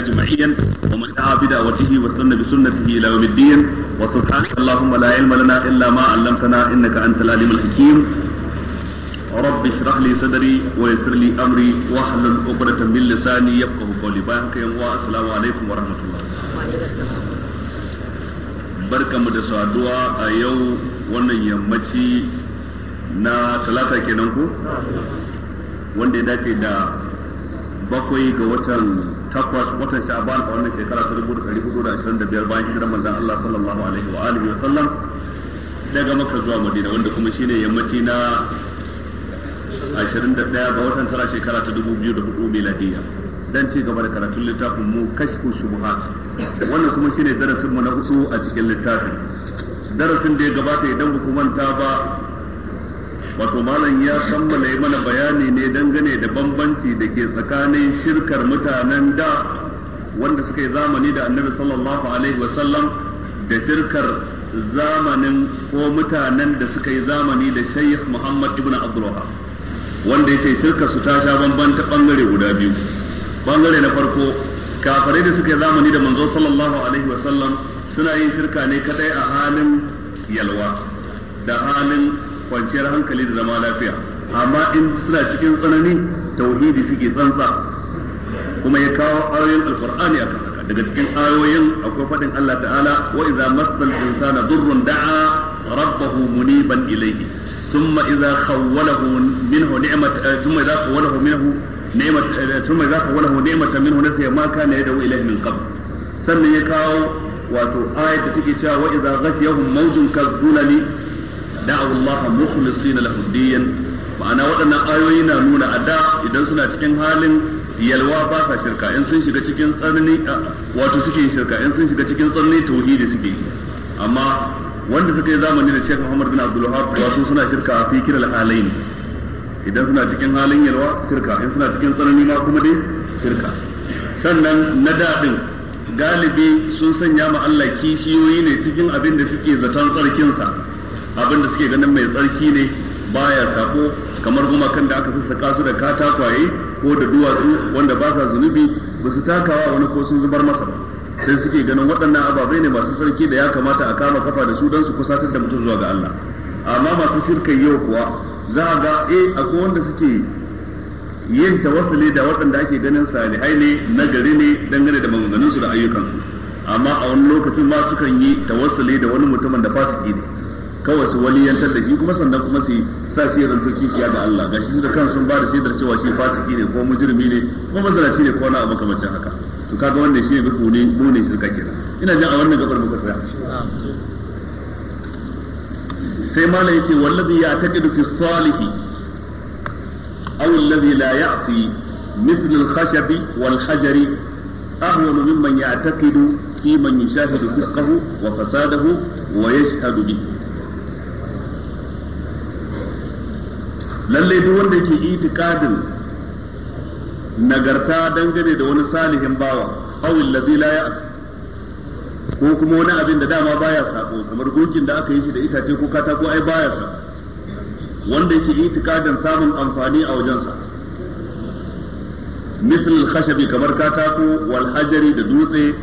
أجمعين ومن دعا بدعوته واستنى بسنته إلى يوم الدين وسبحانك اللهم لا علم لنا إلا ما علمتنا إنك أنت العليم الحكيم رب اشرح لي صدري ويسر لي أمري واحلل عقدة من لساني يفقه قولي بارك السلام عليكم ورحمة الله barkanmu da saduwa a yau wannan yammaci na talata kenan ko wanda ya dace da bakwai ga watan takwas watan sha'ban a wannan shekara ta rubuta ɗari hudu da ashirin da biyar bayan hijirar manzon Allah sallallahu alaihi wa alihi wa sallam daga Makka zuwa Madina wanda kuma shine yammaci na ashirin da ɗaya ga watan tara shekara ta dubu biyu da hudu miladiya dan ci gaba da karatun littafin mu kashfu shubha wannan kuma shine darasin mu na hudu a cikin littafin darasin da ya gabata idan ku manta ba wato malam ya kammala yi mana bayani ne dangane da bambanci da ke tsakanin shirkar mutanen da wanda suka yi zamani da annabi sallallahu alaihi wasallam da shirkar zamanin ko mutanen da suka yi zamani da shaykh muhammad ibn abdulwahab wanda yake shirkar su ta sha bambanta bangare guda biyu bangare na farko kafirai da suka yi zamani da manzo sallallahu alaihi wasallam suna yin shirka ne kadai a halin yalwa da halin kwanciyar hankali da zama lafiya amma in suna cikin tsanani tauhidi suke tsansa kuma ya kawo ayoyin alqur'ani a daga cikin ayoyin akwai fadin Allah ta'ala wa idza massal insana durrun da'a rabbahu muniban ilayhi thumma idza khawwalahu minhu ni'mat eh, thumma idza khawwalahu minhu ni'mat eh, thumma idza khawwalahu ni'matan minhu min qabl sannan ya kawo wato ayat da take cewa wa idza ghashiyahum da'u Allah mukhlisina lahu din ma'ana waɗannan ayoyi na nuna a da idan suna cikin halin yalwa ba sa shirka in sun shiga cikin tsanani wato suke shirka in sun shiga cikin tsanani tauhidi suke amma wanda suka yi zamani da Sheikh Muhammad bin Abdul Wahab wato suna shirka fi kiral halain idan suna cikin halin yalwa shirka in suna cikin tsanani ma kuma dai shirka sannan na daɗin galibi sun sanya ma Allah kishiyoyi ne cikin abin da suke zaton tsarkinsa abin da suke ganin mai tsarki ne baya sako kamar gumakan da aka sassaka su da katakwaye ko da duwatsu wanda ba sa zunubi ba su takawa wani ko sun zubar masa ba sai suke ganin waɗannan ababai ne masu sarki da ya kamata a kama kafa da su don su kusatar da mutum zuwa ga Allah amma masu shirkan yau kuwa za a ga e, akwai wanda suke yin tawassuli da waɗanda ake ganin salihai ne na gari ne dangane da maganganunsu da ayyukansu amma a wani lokacin ma sukan yi tawassuli da wani mutumin da fasiki ne kawai su waliyantar da shi kuma sannan kuma su sa shi zanto kikiya ga Allah gashi su da kansu sun ba da shaidar cewa shi fasiki ne ko mujrimi ne ko mazalaci ne ko na abu kamar haka to kaga wannan shi ne biku ne mu ne shirka kenan ina jin a wannan gabar muka tsaya sai malai yace wallazi ya'taqidu fi salihi aw alladhi la ya'si مثل الخشب والحجر أهون ممن يعتقد في من يشاهد فسقه وفساده ويشهد به lallai duk wanda yake itikadin nagarta dangane da wani salihin bawa awil allazi la ya'as ko kuma wani abin da dama baya sako kamar gokin da aka yi shi da itace ko katako ai baya sa wanda yake itikadin samun amfani a wajensa misal al-khashabi kamar katako wal hajari da dutse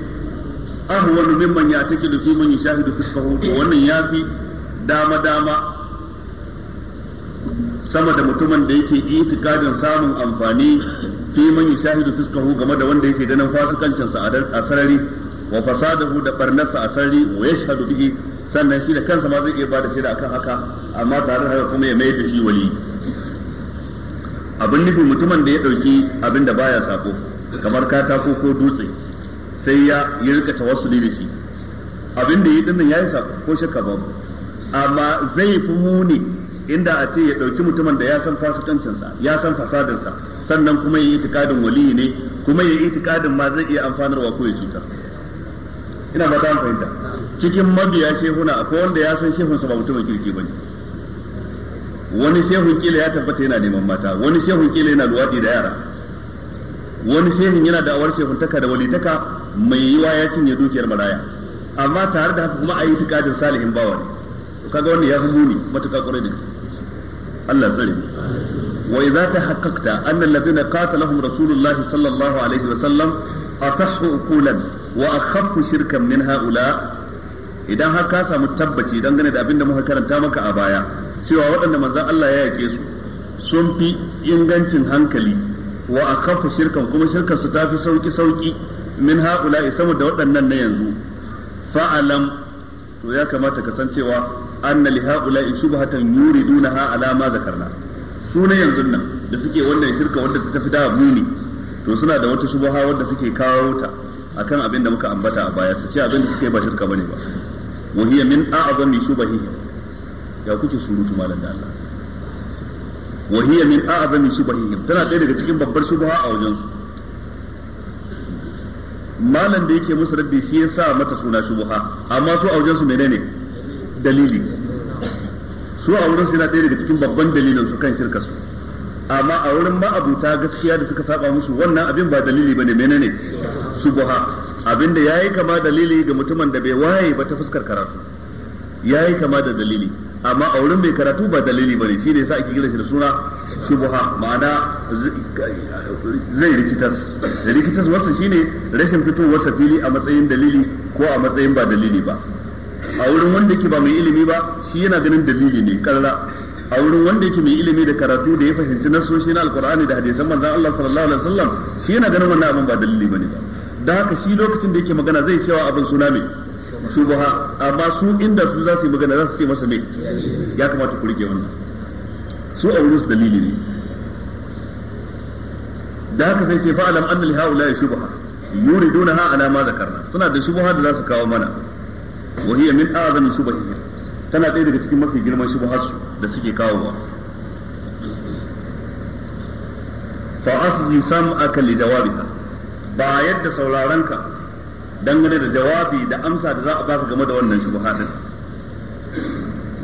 ahwanu mimman ya take da fi man yashahidu sahu wannan yafi dama dama sama da mutumin da yake itikadin samun amfani fi man yushahidu fiskahu game da wanda yake ganin fasikancin sa a sarari wa fasadahu da barnarsa a sarari wa yashhadu bihi sannan shi da kansa ma zai iya bada shaida akan haka amma tare da haka kuma ya mai da shi wali abin nufi mutumin da ya dauki abin da baya sako kamar katako ko dutse sai ya yi rika tawassuli da shi abin da yi dinnan yayi sako ko shakka babu amma zai fi muni inda a ce ya ɗauki mutumin da ya san fasikancinsa ya san fasadinsa sannan kuma ya yi itikadin wali ne kuma ya yi itikadin ma zai iya amfanarwa ko ya cutar ina ba ta fahimta cikin mabiya shehuna akwai wanda ya san shehunsa ba mutumin kirki ne wani shehun kila ya tabbata yana neman mata wani shehun kila yana luwaɗi da yara wani shehun yana da awar shehun taka da taka mai yiwa ya cinye dukiyar maraya amma tare da haka kuma a yi itikadin salihin bawa ne kaga wani ya fi muni matuƙa ƙwarai da gaske Allah tsare wa idza tahaqqaqta anna alladhina qatalahum rasulullahi sallallahu alaihi wa sallam asahhu uqulan wa akhaffu shirkan min haula idan har ka samu tabbaci dangane da abinda muka karanta maka a baya cewa waɗanda manzon Allah ya yake su sun fi ingancin hankali wa akhaffu shirkan kuma shirkan su tafi sauki sauki min haula sama da waɗannan na yanzu fa'alam to ya kamata ka san cewa. anna li ha'ula'i shubhatan yuridunaha ala ma zakarna su ne yanzu nan da suke wannan shirka wanda ta tafi da muni to suna da wata shubha wanda suke kawo ta akan abin da muka ambata a baya su ce abin da suke ba shirka bane ba wa hiya min a'zami shubahi ya kuke surutu malam da Allah wa hiya min a'zami shubahihim tana ɗaya daga cikin babbar shubha a wajen su malam da yake musu raddi shi yasa mata suna shubha amma su a wajen su menene dalili su a wurin suna ɗaya daga cikin babban dalilin su kan shirka su amma a wurin ma'abuta gaskiya da suka saba musu wannan abin ba dalili bane menene subha abinda yayi kama dalili ga mutumin da bai waye ba ta fuskar karatu yayi kama da dalili amma a wurin mai karatu ba dalili bane shi ne yasa ake kira shi da suna su buha ma'ana zai rikitas rikitas wasu shine rashin fitowar fili a matsayin dalili ko a matsayin ba dalili ba a wurin wanda ke ba mai ilimi ba shi yana ganin dalili ne karra a wurin wanda yake mai ilimi da karatu da ya fahimci nasoshi na alkur'ani da hadisan manzon Allah sallallahu alaihi wasallam shi yana ganin wannan abin ba dalili bane ba da haka shi lokacin da yake magana zai cewa abin suna mai shubha amma su inda su za su yi magana za su ce masa mai ya kamata ku rike wannan su a wurin su dalili ne da haka sai ce fa'alam anna li haula shubha ha ala ma zakarna suna da shubha da za su kawo mana wa hiya min a'zami shubahihim tana ɗaya daga cikin mafi girman shubuharsu da suke kawowa fa asli sam'aka li jawabiha ba yadda saurarenka dangane da jawabi da amsa da za a baka game da wannan shubha din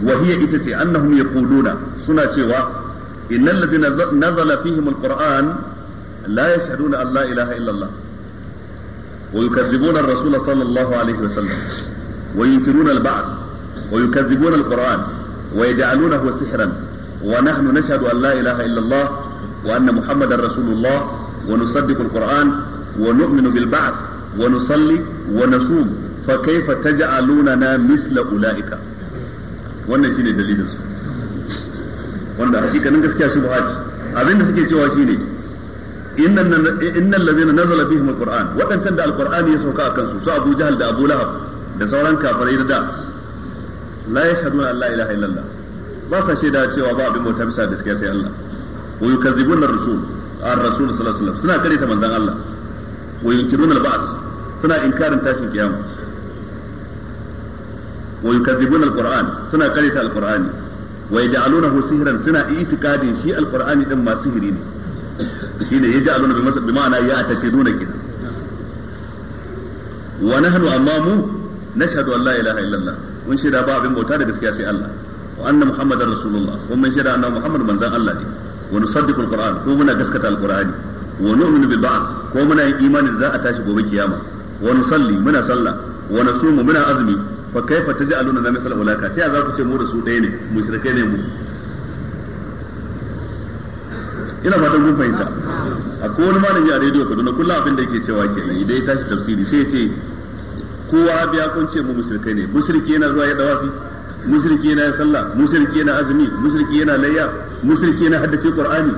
wa ita ce annahum yaquluna suna cewa innal ladina nazala fihim alquran la yashhaduna an la ilaha illa allah wa ar-rasul sallallahu alaihi wa sallam وينكرون البعث ويكذبون القرآن ويجعلونه سحرا ونحن نشهد أن لا إله إلا الله وأن محمدا رسول الله ونصدق القرآن ونؤمن بالبعث ونصلي ونصوم فكيف تجعلوننا مثل أولئك wannan shine dalilin su wanda hakikanin gaskiya su ba abin da suke cewa shine innal ladzina nazala fihim alquran wadancan da alqur'ani ya sauka akan su su Abu Jahal da Abu Lahab da sauran kafirai da da la yashhaduna an la ilaha illallah ba sa shaida cewa ba abin bauta bisa da sai Allah wa yukazzibuna ar-rasul ar-rasul sallallahu alaihi wasallam suna karita manzon Allah wa yunkiruna al-ba'as suna inkarin tashin kiyama wa yukazzibuna al-qur'an suna karita al-qur'ani wa yaj'alunahu sihran suna itikadin shi al-qur'ani din ma sihiri ne shine yaj'aluna bi ma'ana ya atakiduna kina wa nahnu amamu nashhadu an la ilaha illallah mun shaida ba abin bauta da gaskiya sai Allah wa anna muhammadar rasulullah kuma mun shaida annabi muhammad manzon Allah ne wa nusaddiqu alquran ko muna gaskata alqurani wa nu'minu bil ba'th ko muna yin imani da za a tashi gobe kiyama wa nusalli muna sallah wa nasumu muna azumi fa kaifa taj'aluna na misal ulaka ta za ku ce mu da su daya ne mushrikai ne mu ina fatan kun fahimta akwai wani malami a rediyo Kaduna kullum abin da yake cewa kenan idan ya tashi tafsiri sai ya ce kowa biya kunce mu musulkai ne musulki yana zuwa ya dawafi musulki yana sallah musulki yana azumi musulki yana layya musulki yana haddace qur'ani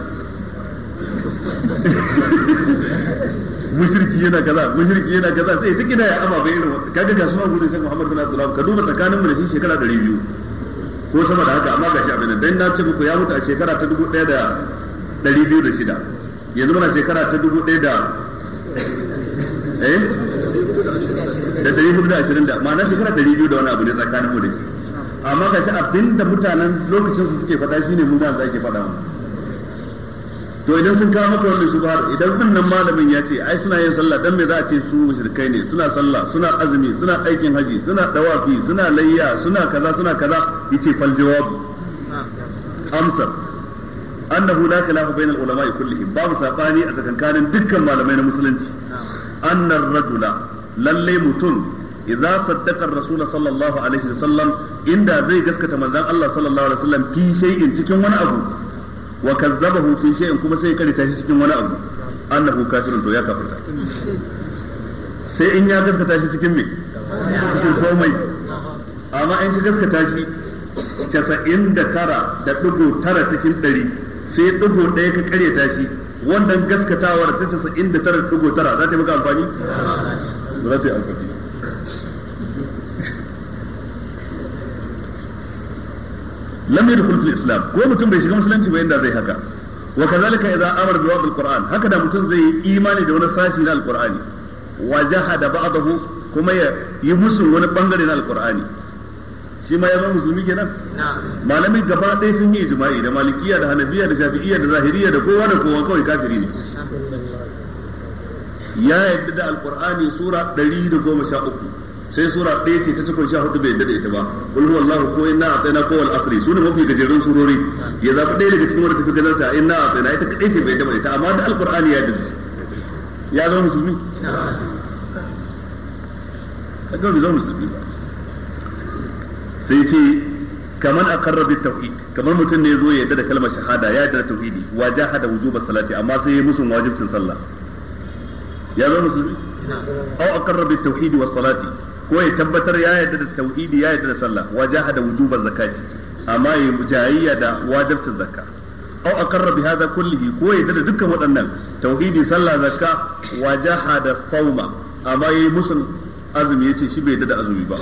musulki yana kaza musulki yana kaza sai duk kida ya ama bai irin kaga ga suna gurin sai Muhammad bin Abdullah ka duba tsakanin mu da shi shekara 200 ko sama da haka amma ga shi abin dan na ce muku ya mutu a shekara ta 1206 yanzu muna shekara ta 1000 eh da dari hudu da ashirin da ma'ana shekara dari biyu da wani abu ne tsakanin mu da shi amma ga shi abinda mutanen lokacin su suke faɗa shine mu da ake faɗa mu to idan sun kawo maka wannan shubhar idan wannan malamin ya ce ai suna yin sallah dan me za a ce su mushrikai ne suna sallah suna azumi suna aikin haji suna dawafi suna layya suna kaza suna kaza yace fal jawabu amsa. annahu la khilafa bayna al ulama kullihim babu sabani a tsakankanin dukkan malamai na musulunci annar rajula lalle mutum idza saddaqa ar-rasul sallallahu alaihi wasallam inda zai gaskata manzon Allah sallallahu alaihi wasallam fi shay'in cikin wani abu wa kazzabahu fi shay'in kuma sai ya karita shi cikin wani abu annahu kafirun to ya kafirta sai in ya gaskata shi cikin me cikin komai amma in ka gaskata shi casa'in da tara da ɗigo tara cikin ɗari sai ɗigo ɗaya ka karyata shi wannan gaskatawar ta casa'in da tara da ɗigo tara za ta yi maka amfani ba za ta yi lam yadkhul fil islam ko mutum bai shiga musulunci ba inda zai haka wa kazalika idza amara bi waqil qur'an haka da mutum zai yi imani da wani sashi na alqur'ani wa jahada ba'dahu kuma ya yi musu wani bangare na alqur'ani shi ma ya zama musulmi kenan malamai gaba ɗaya sun yi ijma'i da malikiya da hanafiya da shafi'iyya da zahiriya da kowa da kowa kawai kafiri ne ya yadda da alqur'ani sura uku sai sura ɗaya ce ta cikin sha hudu bai yadda da ita ba kul huwallahu ko inna atayna ko wal asri sune mafi gajerun surori ya zaɓi ɗaya daga cikin wanda tafi gazarta inna atayna ita kadai ce bai yadda ba ita amma da alqur'ani ya yadda ya zama musulmi kaga bai zama musulmi sai ce kaman aqarra bi tauhid kamar mutum ne yazo ya yadda da kalmar shahada ya yarda da tauhidi wajahada wujuba salati amma sai ya musun wajibcin sallah ya zama musulmi aw aqarra bit tauhid was salati ko ya tabbatar ya yarda da tauhidi ya yarda da sallah wajaha da wujuban zakati amma ya mujayayya da wajibcin zakka aw aqarra bi hadha kullihi ko ya yarda da dukkan waɗannan tauhidi sallah zakka wajaha da sauma amma yayi musul azumi yace shi bai yarda da azumi ba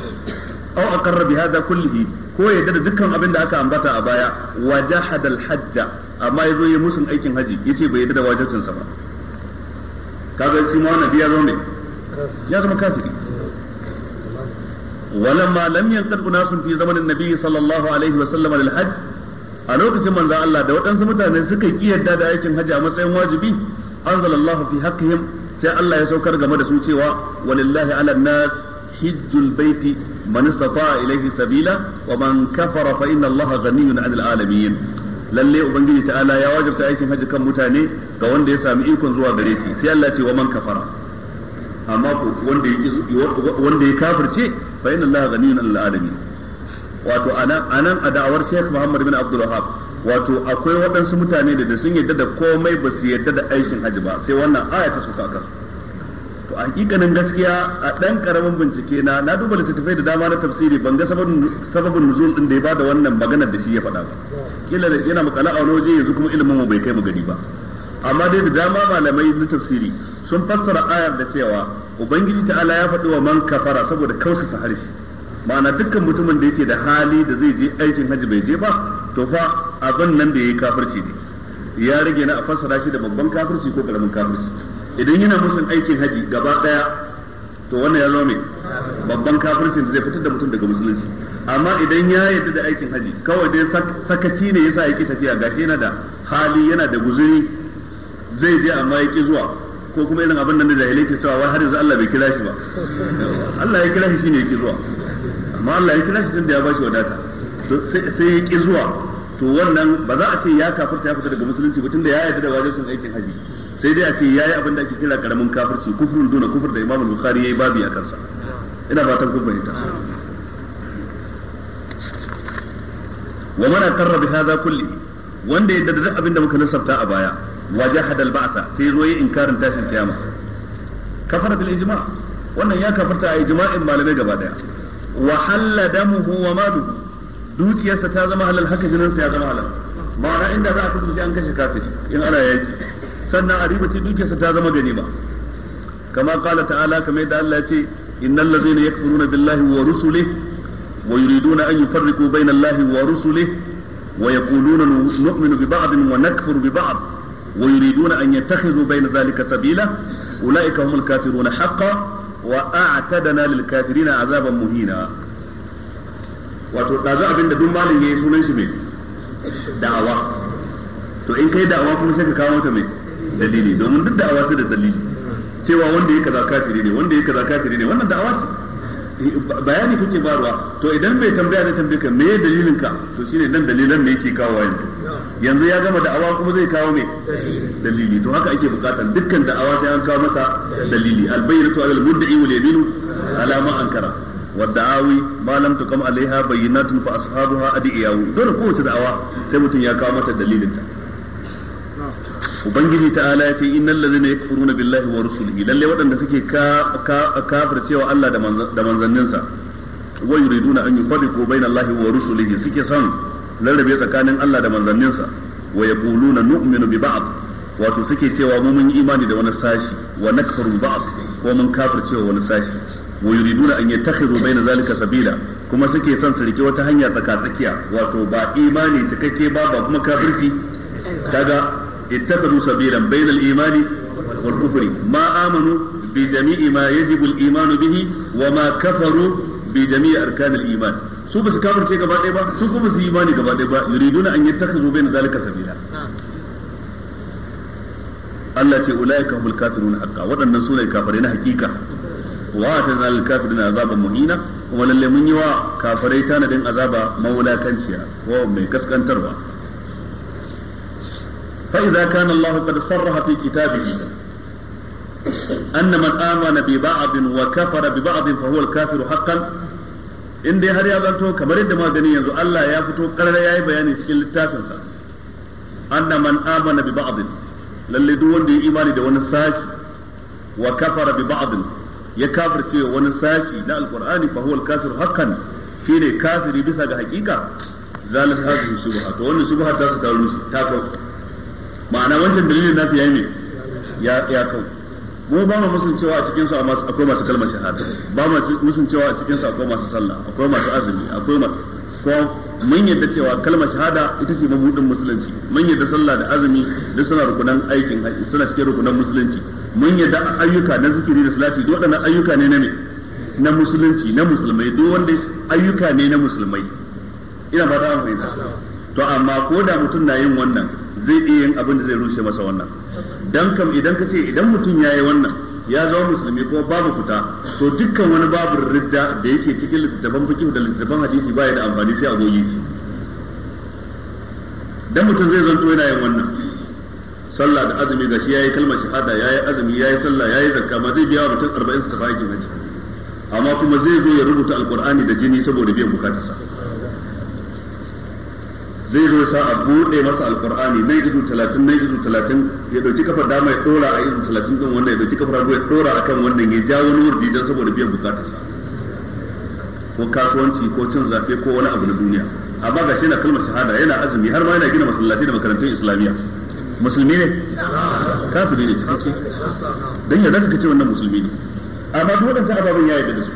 aw aqarra bi hadha kullihi ko ya yarda da dukkan abin da aka ambata a baya wajahada al hajja amma yazo yayi musul aikin haji yace bai yarda da wajibcin sa ba kaga shi ma wannan ya zama ne ya zama kafiri ولما لم ينقض ناس في زمن sallallahu alaihi wa sallam وسلم للحج a lokacin manzan Allah da waɗansu mutane suka ki yadda da aikin haji a matsayin wajibi anzalallahu fi haqqihim sai Allah ya saukar game da su cewa walillahi ala nas hijjul baiti man istata'a ilayhi sabila wa man kafara fa inna Allah ghaniyyun 'anil alamin lalle ubangiji ta'ala ya wajabta aikin haji kan mutane ga wanda ya sami ikon zuwa gare shi sai Allah ce wa man kafara amma wanda ya wanda ya kafirce fa inna Allah ghaniyun 'anil alamin wato anan anan a da'awar Sheikh Muhammad bin Abdul Wahhab wato akwai waɗansu mutane da sun yadda da komai ba su yadda da aikin haji ba sai wannan aya ta suka kansu to a hakikanin gaskiya a ɗan karamin bincike na na duba littattafai da dama na tafsiri ban ga sababin nuzul ɗin da ya bada wannan maganar da shi ya faɗa ba kila yana makala a wani waje yanzu kuma ilimin mu bai kai mu gani ba amma dai da dama malamai na tafsiri sun fassara ayar da cewa ubangiji ta'ala ya faɗi wa man kafara saboda kausasa harshe ma'ana dukkan mutumin da yake da hali da zai je aikin hajji bai je ba to fa abin nan da ya yi kafirci ne ya rage na a fassara shi da babban kafirci ko karamin kafirci idan yana musun aikin haji gaba daya to wannan ya zama babban kafircin da zai fitar da mutum daga musulunci amma idan ya yarda da aikin haji kawai dai sakaci ne yasa yake tafiya gashi yana da hali yana da guzuri zai je amma yake zuwa ko kuma irin abin nan da jahilai ke cewa wai har yanzu Allah bai kira shi ba Allah ya kira shi shine yake zuwa amma Allah ya kira shi tun da ya bashi wadata sai ya ki zuwa to wannan ba za a ce ya kafirta ya fita daga musulunci ba tunda ya yarda da wajibcin aikin haji sai dai a ce yayi abin da ake kira karamin kafirci kufrun duna kufur da Imam Bukhari yayi babi a kansa ina fatan kun fahimta wa mana atarra bi hadha kulli wanda ya da duk abin da muka lissafta a baya wajahada al-ba'sa sai zo yayi inkarin tashin kiyama kafara bil ijma' wannan ya kafarta a ijma'in malamai gaba daya wa halla damuhu wa maluhu dukiyarsa ta zama halal haka jininsa ya zama halal ba ra inda za a kusa shi an kashe kafiri in ana yaki sannan a ribaci dukiyarsa ta zama ganima kama kala ta'ala kamar yadda Allah ya ce innal ladzina yakfuruna billahi wa rusulihi wa yuriduna an yufarriqu bayna Allahi wa rusulihi wa yaquluna nu'minu bi ba'd wa nakfuru bi ba'd wa yuriduna an yattakhidhu bayna dhalika sabila ulaika humul kafiruna haqqan wa a'tadna lil kafirina 'adaban muhina wato a abin da duk malin ya yi sunan shi mai da'awa to in kai da'awa kuma sai ka kawo mata mai dalili domin duk da'awa sai da dalili cewa wanda ya kaza kafiri ne wanda ya kaza kafiri ne wannan da'awa ce bayani kake barwa to idan bai tambaya zai tambaye ka me dalilin ka to shine dan dalilan ne yake kawo yanzu yanzu ya gama da'awa kuma zai kawo me dalili to haka ake bukatar dukkan da'awa sai an kawo mata dalili albayyinatu alal mudda'i wal yaminu ala ma ankara والدعاوي ما لم تقم عليها بينات فاصحابها ادعياء دون kowace da'awa sai mutum ya kawo mata dalilin ta ubangiji ta'ala yace innal ladzina yakfuruna billahi wa rusulihi lalle waɗanda suke ka kafir cewa Allah da manzanninsa wa yuriduna an yufarriqu baina Allah wa rusulihi suke son rarrabe tsakanin Allah da manzanninsa wa bi wato suke cewa mu mun yi imani da wani sashi wa nakfuru ba'd ko mun kafir cewa wani sashi wa yuriduna an yattakhidhu baina zalika sabila kuma suke son su wata hanya tsaka tsakiya wato ba imani cikakke ba ba kuma kafirci kaga ittakhadhu sabilan baina al-imani wal kufri ma bi ma bihi wa ma kafaru bi iman su ba su kafirce gaba ɗaya ba su kuma su imani gaba ɗaya ba yuriduna an yattakhidhu baina zalika sabila Allah ce ulaika humul kafirun haqqan waɗannan sune kafirai na hakika wa atana lil azaban muhina kuma lalle mun yi wa kafirai tanadin azaba mawulakanciya wa mai kaskantarwa fa Allah qad sarraha fi kitabihi anna man amana bi wa kafara bi ba'd fa huwa al kafiru haqqan dai har ya zanto kamar yadda maganin yanzu Allah ya fito karara yayi bayani cikin littafinsa anna man amana bi ya imani da wani sashi wa kafara ya kafirce wani sashi na alkur'ani fa huwa al-kafir haqqan shine kafiri bisa ga hakika zalat hadhihi subha to wannan subha ta su ta rusu ta kau ma'ana wancan dalilin nasu yayi ne ya ya kau mu ba mu musun cewa a cikin su akwai masu kalmar shahada ba mu musun cewa a cikin su akwai masu sallah akwai masu azumi akwai masu ko mun yadda cewa kalmar shahada ita ce mabudin musulunci mun yadda sallah da azumi duk suna rukunan aikin haji suna cikin rukunan musulunci mun yadda ayyuka na zikiri da salati duk waɗannan ayyuka ne na me na musulunci na musulmai duk wanda ayyuka ne na musulmai ina fata an fahimta to amma ko da mutum na yin wannan zai iya yin abin da zai rushe masa wannan dan kam idan ka ce idan mutum ya yi wannan ya zama musulmi ko babu fita to dukkan wani babu ridda da yake cikin littattafan fiqh da littattafan hadisi ya da amfani sai a goge shi dan mutum zai zanto yana yin wannan sallah da azumi gashi yayi kalmar shahada yayi azumi yayi sallah yayi zakka ma zai biya wa mutum 40 su tafi aikin haji amma kuma zai zo ya rubuta alqur'ani da jini saboda biyan bukatarsa zai zo sa a buɗe masa alqur'ani nan izu 30 nan izu 30 ya dauki kafar dama ya dora a izu 30 din wannan ya dauki kafar hagu ya dora akan wannan ya ja wani wurdi dan saboda biyan bukatarsa ko kasuwanci ko cin zaɓe ko wani abu na duniya amma gashi yana kalmar shahada yana azumi har ma yana gina masallati da makarantun islamiyya musulmi ne kafiri ne cikakke dan ya zaka kace wannan musulmi ne amma duk ababen ya yarda da su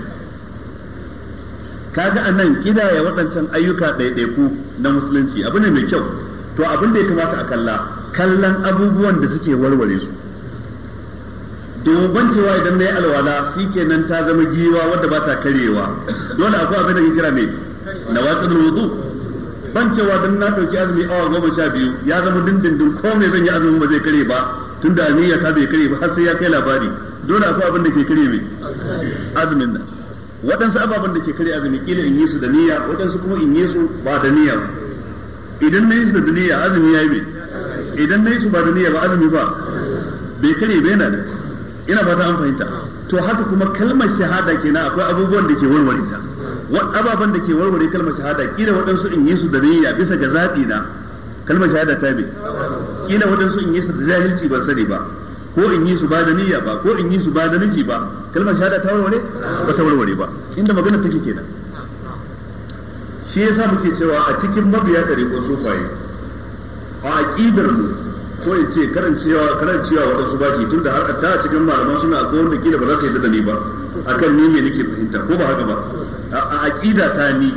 kaga anan kidaya waɗancan ayyuka ɗaiɗaiku na musulunci abu ne mai kyau to abin da ya kamata a kalla kallon abubuwan da suke warware su domin cewa idan na yi alwala shi kenan ta zama giwa wadda ba ta karyewa dole akwai abin da ya kira mai na watsa wudu ban cewa dan na dauki azumi awa goma sha biyu ya zama dindindin ko me zan yi azumi ba zai kare ba tunda niyya ta bai kare ba har sai ya kai labari dole akwai abin da ke kare mai azumin nan waɗansu ababen da ke kare azumi kila in yi su da niyya waɗansu kuma in yi su ba da niyya ba idan na yi su da niyya azumi ya yi mai idan na yi su ba da niyya ba azumi ba bai kare bai na da ina ba ta an fahimta to haka kuma kalmar shahada kenan akwai abubuwan da ke warware ta ababan da ke warware kalmar shahada kila waɗansu in yi su da niyya bisa ga zaɓi na kalmar shahada ta bi kila waɗansu in yi su da jahilci ban sani ba ko in yi su ba da niyya ba ko in yi su ba da miji ba kalmar shahada ta warware ba ta warware ba inda magana take kenan shi yasa muke cewa a cikin mabiya ko sufaye a aƙidar mu ko in ce karancewa karancewa waɗansu baki tun da har ta cikin malaman suna ko wanda kila ba za su yadda da ni ba akan ni me nake fahimta ko ba haka ba a aqida ta ni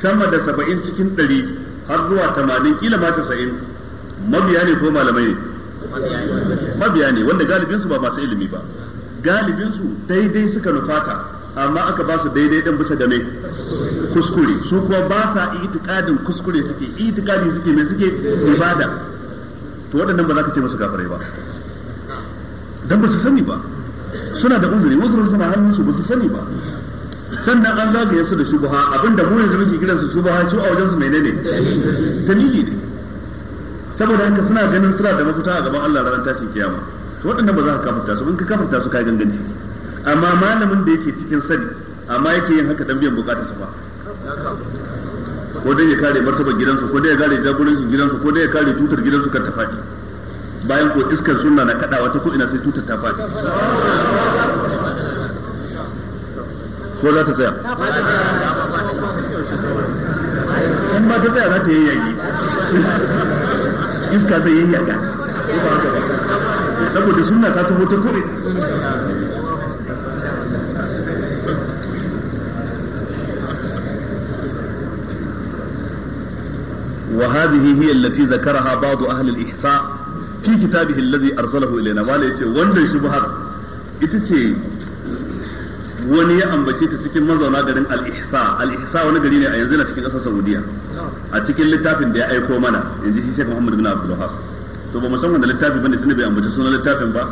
sama da saba'in cikin ɗari har zuwa tamanin kila ma tasa'in mabiya ne ko malamai ne mabiya ne wanda galibin su ba masu ilimi ba galibin su daidai suka nufata amma aka ba su daidai din bisa game kuskure su kuma ba sa itikadin kuskure suke itikadi suke mai suke ibada to waɗannan ba za ka ce musu gafarai ba dan ba su sani ba suna da uzuri uzurin suna hannun su ba su sani ba sannan an zagaye su da shubuha abinda mu yanzu muke kiransu shubuha su a wajen su menene dalili ne saboda haka suna ganin suna da mafita a gaban Allah ranar tashin kiyama to waɗannan ba za ka kafarta su in ka kafarta su ka ganganci amma malamin da yake cikin sani amma yake yin haka dan biyan bukatar su ba ko dai ya kare martabar gidansu ko dai ya kare jagorancin gidansu ko dai ya kare tutar gidansu kan ta bayan ko iskar sunna na kada wata ko ina sai tutar ta fadi ko za ta tsaya in ba ta tsaya za ta yayyage iska zai yayyaga saboda sunna ta taho ta kore وهذه هي التي ذكرها بعض أهل الإحصاء fi kitabihi allazi arsalahu ilaina wala yace wannan shubha ita ce wani ya ambace ta cikin mazauna garin al-ihsa al-ihsa wani gari ne a yanzu na cikin kasar saudiya a cikin littafin da ya aiko mana yanzu shi sheikh muhammad bin abdul wahab to ba mu da littafin littafi bane tunda bai ambace sunan littafin ba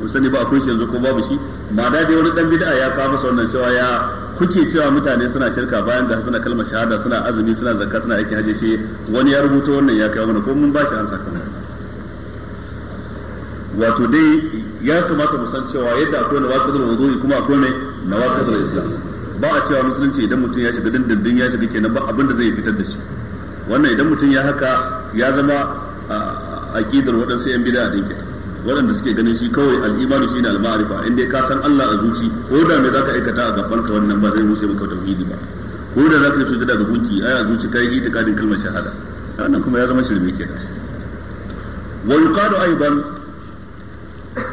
ko sani ba akwai shi yanzu ko babu shi ma da dai wani dan bid'a ya kama masa wannan cewa ya kuke cewa mutane suna shirka bayan da suna kalmar shahada suna azumi suna zakka suna aikin hajji ce wani ya rubuta wannan ya kai mana ko mun ba shi an sakamakon wato dai ya kamata mu san cewa yadda akwai nawaqidul wudu'i kuma akwai ne nawaqidul islam ba a cewa musulunci idan mutum ya shiga dindindin ya shiga kenan ba abinda zai fitar da shi wannan idan mutum ya haka ya zama a aqidar waɗansu yan bid'a a dinki waɗanda suke ganin shi kawai al'imanu shi ne marifa inda ka san Allah a zuci ko da me ka aikata a gaban ka wannan ba zai rushe maka tauhidi ba ko da ka yi sojada ga gunki ai a zuci ka kai itikadin kalmar shahada wannan kuma ya zama shirme kenan wa yuqalu aidan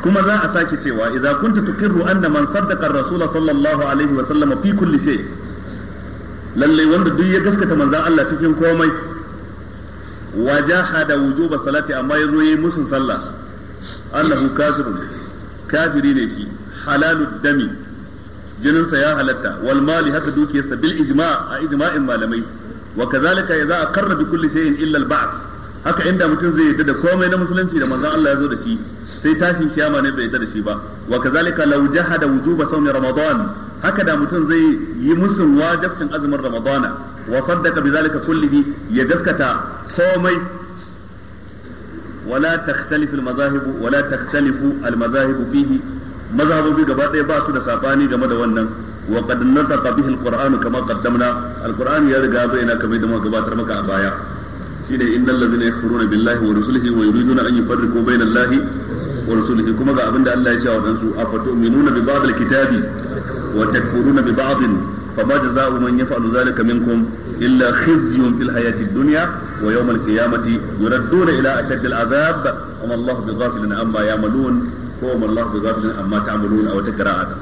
kuma za a sake cewa idza kunta tuqirru anna man saddaqa ar-rasul sallallahu alaihi wa sallam fi kulli shay lalle wanda duk ya gaskata manzon Allah cikin komai wa da wujuba salati amma yazo yayi musu sallah annahu kafirun kafiri ne shi halalud dami jininsa ya halatta wal mali haka dukiyarsa bil ijma' a ijma'in malamai wa kazalika idza aqarra bi kulli shay'in illa al ba'th haka inda mutum zai yarda da komai na musulunci da manzon Allah ya zo da shi sai tashin kiyama ne bai da shi ba wa kazalika law jahada wujuba sawmi ramadan haka da mutum zai yi musun wajibcin azumin ramadana wa saddaka bizalika kullihi ya gaskata komai wala takhtalifu almazahib wala takhtalifu almazahib fihi mazhabobi gaba ba su da sabani game da wannan wa qad nataqa bihi alqur'anu kama qaddamna alqur'anu ya riga bayyana kamar da muka gabatar maka a baya shine innal ladzina yakfuruna billahi wa rusulihi wa yuriduna an yufarriqu bainal lahi wa rasulihi kuma ga abinda Allah ya ce wa dan su afatu'minuna bi ba'd al فما جزاء من يفعل ذلك منكم إلا خزي في الحياة الدنيا ويوم القيامة يردون إلى أشد العذاب وما الله بغافل عما يعملون وما الله بغافل عما تعملون أو تكراء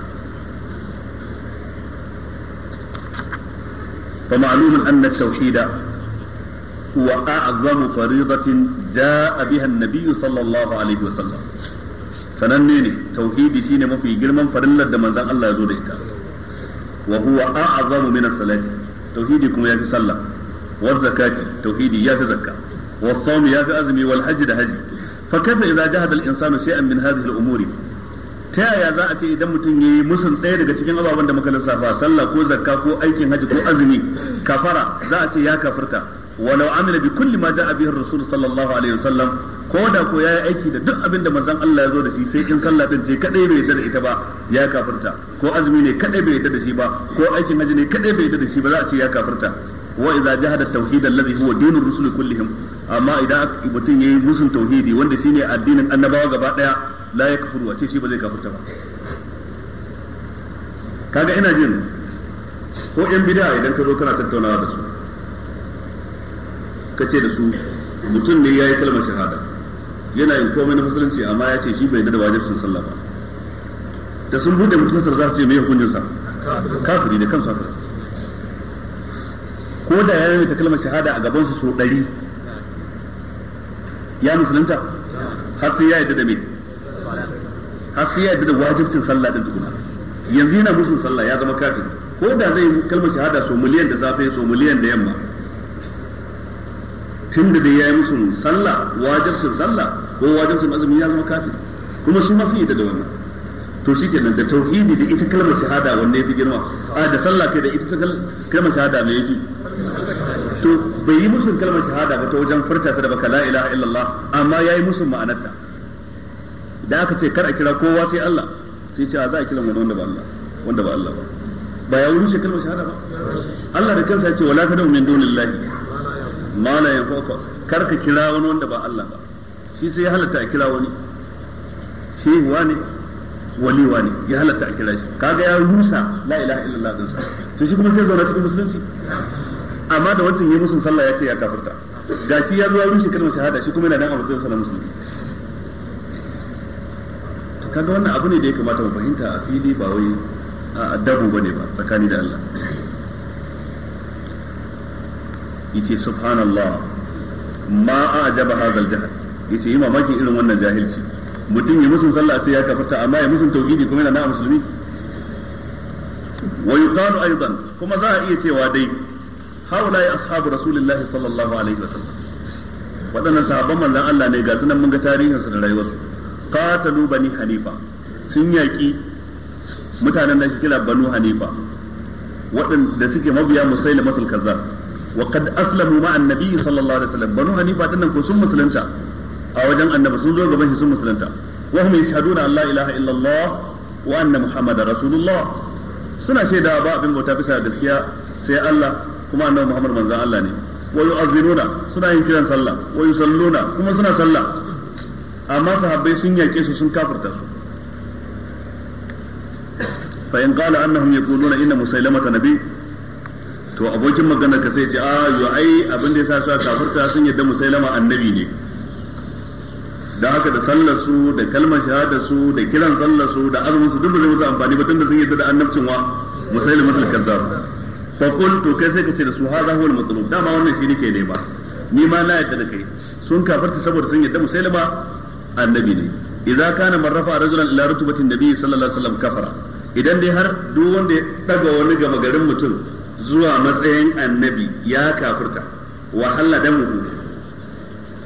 فمعلوم أن التوحيد هو أعظم فريضة جاء بها النبي صلى الله عليه وسلم sananne ne tauhidi shine mafi girman farillar da manzon Allah ya zo da ita wa huwa a'zamu min as-salati tauhidi kuma yafi sallah wa zakati tauhidi yafi zakka wa sawm yafi azumi wal hajj da haji fa kaifa idza jahada al-insanu shay'an min hadhihi al-umuri ta yaya za a ce idan mutum ya yi musun ɗaya daga cikin ababen da muka lissafa sallah ko zakka ko aikin haji ko azumi kafara za a ce ya kafirta walau amila bi kulli ma a biyan rasul sallallahu alaihi wasallam ko da ko yayi aiki da duk abinda mazan manzon Allah ya zo da shi sai in sallah din ce kadai bai yarda da ita ba ya kafirta ko azumi ne kadai bai yarda da shi ba ko aikin haji ne kadai bai yarda da shi ba za a ce ya kafirta wa idza jahada tauhid alladhi huwa dinur rusul kullihim amma idan mutum yayi musun tauhidi wanda shine addinin annabawa gaba daya la a ce shi ba zai ba kaga ina jin ko yan bid'a idan ka zo kana tattaunawa da su ka ce da su mutum ne ya yi kalmar shahada yana yin komai na musulunci amma ya ce shi bai da wajibcin sallah ba da sun bude mutuntar za su ce mai hukuncin sa kafiri da kansu haka ko da ya yi ta kalmar shahada a gaban su so ɗari ya musulunta har sai ya yi da mai har sai ya yi da wajibcin sallah din tukuna yanzu yana musulun sallah ya zama kafiri ko da zai kalmar shahada so miliyan da safe so miliyan da yamma tun da dai ya yi musu sallah wajibcin sallah ko wajibcin azumi ya zama kafiri kuma su ma sun yi da wannan to kenan da tauhidi da ita kalmar shahada wanda yafi girma a da sallah kai da ita kalmar shahada mai yafi to bai yi musu kalmar shahada ba ta wajen furta ta da baka la ilaha illallah amma ya yi musu ma'anarta da aka ce kar a kira kowa sai Allah sai ce a za a kira wani wanda ba Allah wanda ba Allah ba ba ya shi kalmar shahada ba Allah da kansa ya ce wala tad'u min dunillahi ma la yanfa'uka kar ka kira wani wanda ba Allah ba shi sai ya halatta a kira wani shi wani wali wani ya halatta a kira shi kaga ya rusa la ilaha illallah din to shi kuma sai zauna cikin musulunci amma da wancan yi musun sallah ya ce ya kafirta ga shi ya zo ya rushe kalmar shahada shi kuma yana nan a matsayin sa na musulmi to kaga wannan abu ne da ya kamata mu fahimta a fili ba wai a dabo bane ba tsakani da Allah yace subhanallah ma ajaba hazal jahal yace yi mamakin irin wannan jahilci mutum ya musun sallah sai ya kafarta amma ya musun tauhidi kuma yana na musulmi wa yuqalu aidan kuma za a iya cewa dai haula ya ashabu rasulullahi sallallahu alaihi wasallam waɗannan sahabban manzon Allah ne ga sunan mun ga tarihinsu da rayuwarsu qatalu bani hanifa sun yaki mutanen da ake kira banu hanifa waɗanda suke mabiya musailamatul kazzab wa qad aslamu ma annabi sallallahu alaihi wasallam banu hanifa dinnan ko sun musulunta a wajen annabi sun zo gaban shi sun musulunta wa hum yashhaduna an la illallah wa anna muhammadar suna shaida ba abin bauta bisa gaskiya sai Allah kuma annabi muhammad manzon Allah ne wa yu'azzinuna suna yin kiran sallah wa yusalluna kuma suna sallah amma sahabbai sun yake su sun kafirta su fa in qala annahum yaquluna inna musailamata nabi to abokin magana ka sai ce a ah, yo ai abin da yasa su kafirta sun yadda musailama annabi ne da haka da sallar su da kalmar shahada su da kiran sallar su da azumin su duk ba zai musu amfani ba tunda sun yadda da annabcin wa tul kazzab fa qultu to kai sai ka ce da su hada huwal matlub dama wannan shi nake nema ni ma na yadda da kai sun kafarta saboda sun yadda musailama annabi ne idza kana man rafa rajulan ila rutubatin nabi sallallahu alaihi wasallam kafara idan dai har duk wanda ya daga wani gama garin mutum zuwa matsayin annabi ya kafirta wa halla damuhu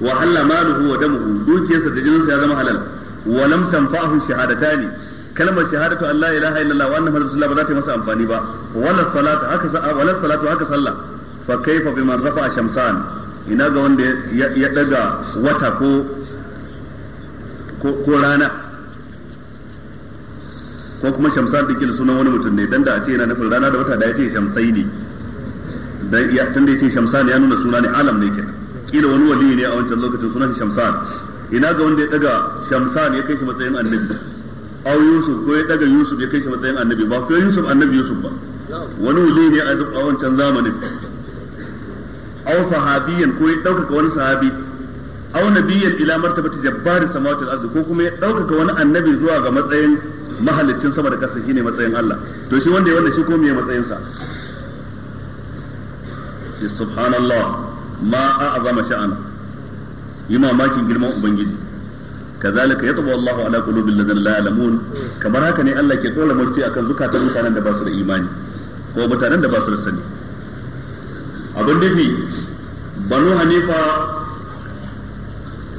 wa halla maluhu wa damuhu dukiyarsa da jininsa ya zama halal wa lam tanfa'ahu shahadatani kalmar shahadatu an la ilaha illallah wa anna rasulullah ba za ta yi masa amfani ba wala salatu haka wala salatu haka sallah fa kaifa biman rafa'a shamsan ina ga wanda ya daga wata ko ko rana ko kuma shamsan dake sunan wani mutum ne dan da a ce yana nufin rana da wata da ya ce shamsai ne dan ya tunda ya ce shamsan ya nuna suna ne alam ne kenan kila wani wali ne a wancan lokacin sunan shi shamsan ina ga wanda ya daga shamsan ya kai shi matsayin annabi aw yusuf ko ya daga yusuf ya kai shi matsayin annabi ba ko yusuf annabi yusuf ba wani wali ne a wancan zamanin aw sahabiyan ko ya dauka wani sahabi aw nabiyyan ila martabati jabbar samawati al ardh ko kuma ya dauka wani annabi zuwa ga matsayin mahalicin sama da kasa shine matsayin Allah to shi wanda ya wanda shi ko me matsayin sa shi subhanallah ma a'zama sha'ana yi mamakin girman ubangiji kazalika yatbu Allahu ala qulubil ladina la ya'lamun kamar haka ne Allah ke tsora mulki akan zukatan mutanen da ba su da imani ko mutanen da ba su da sani abin dafi banu hanifa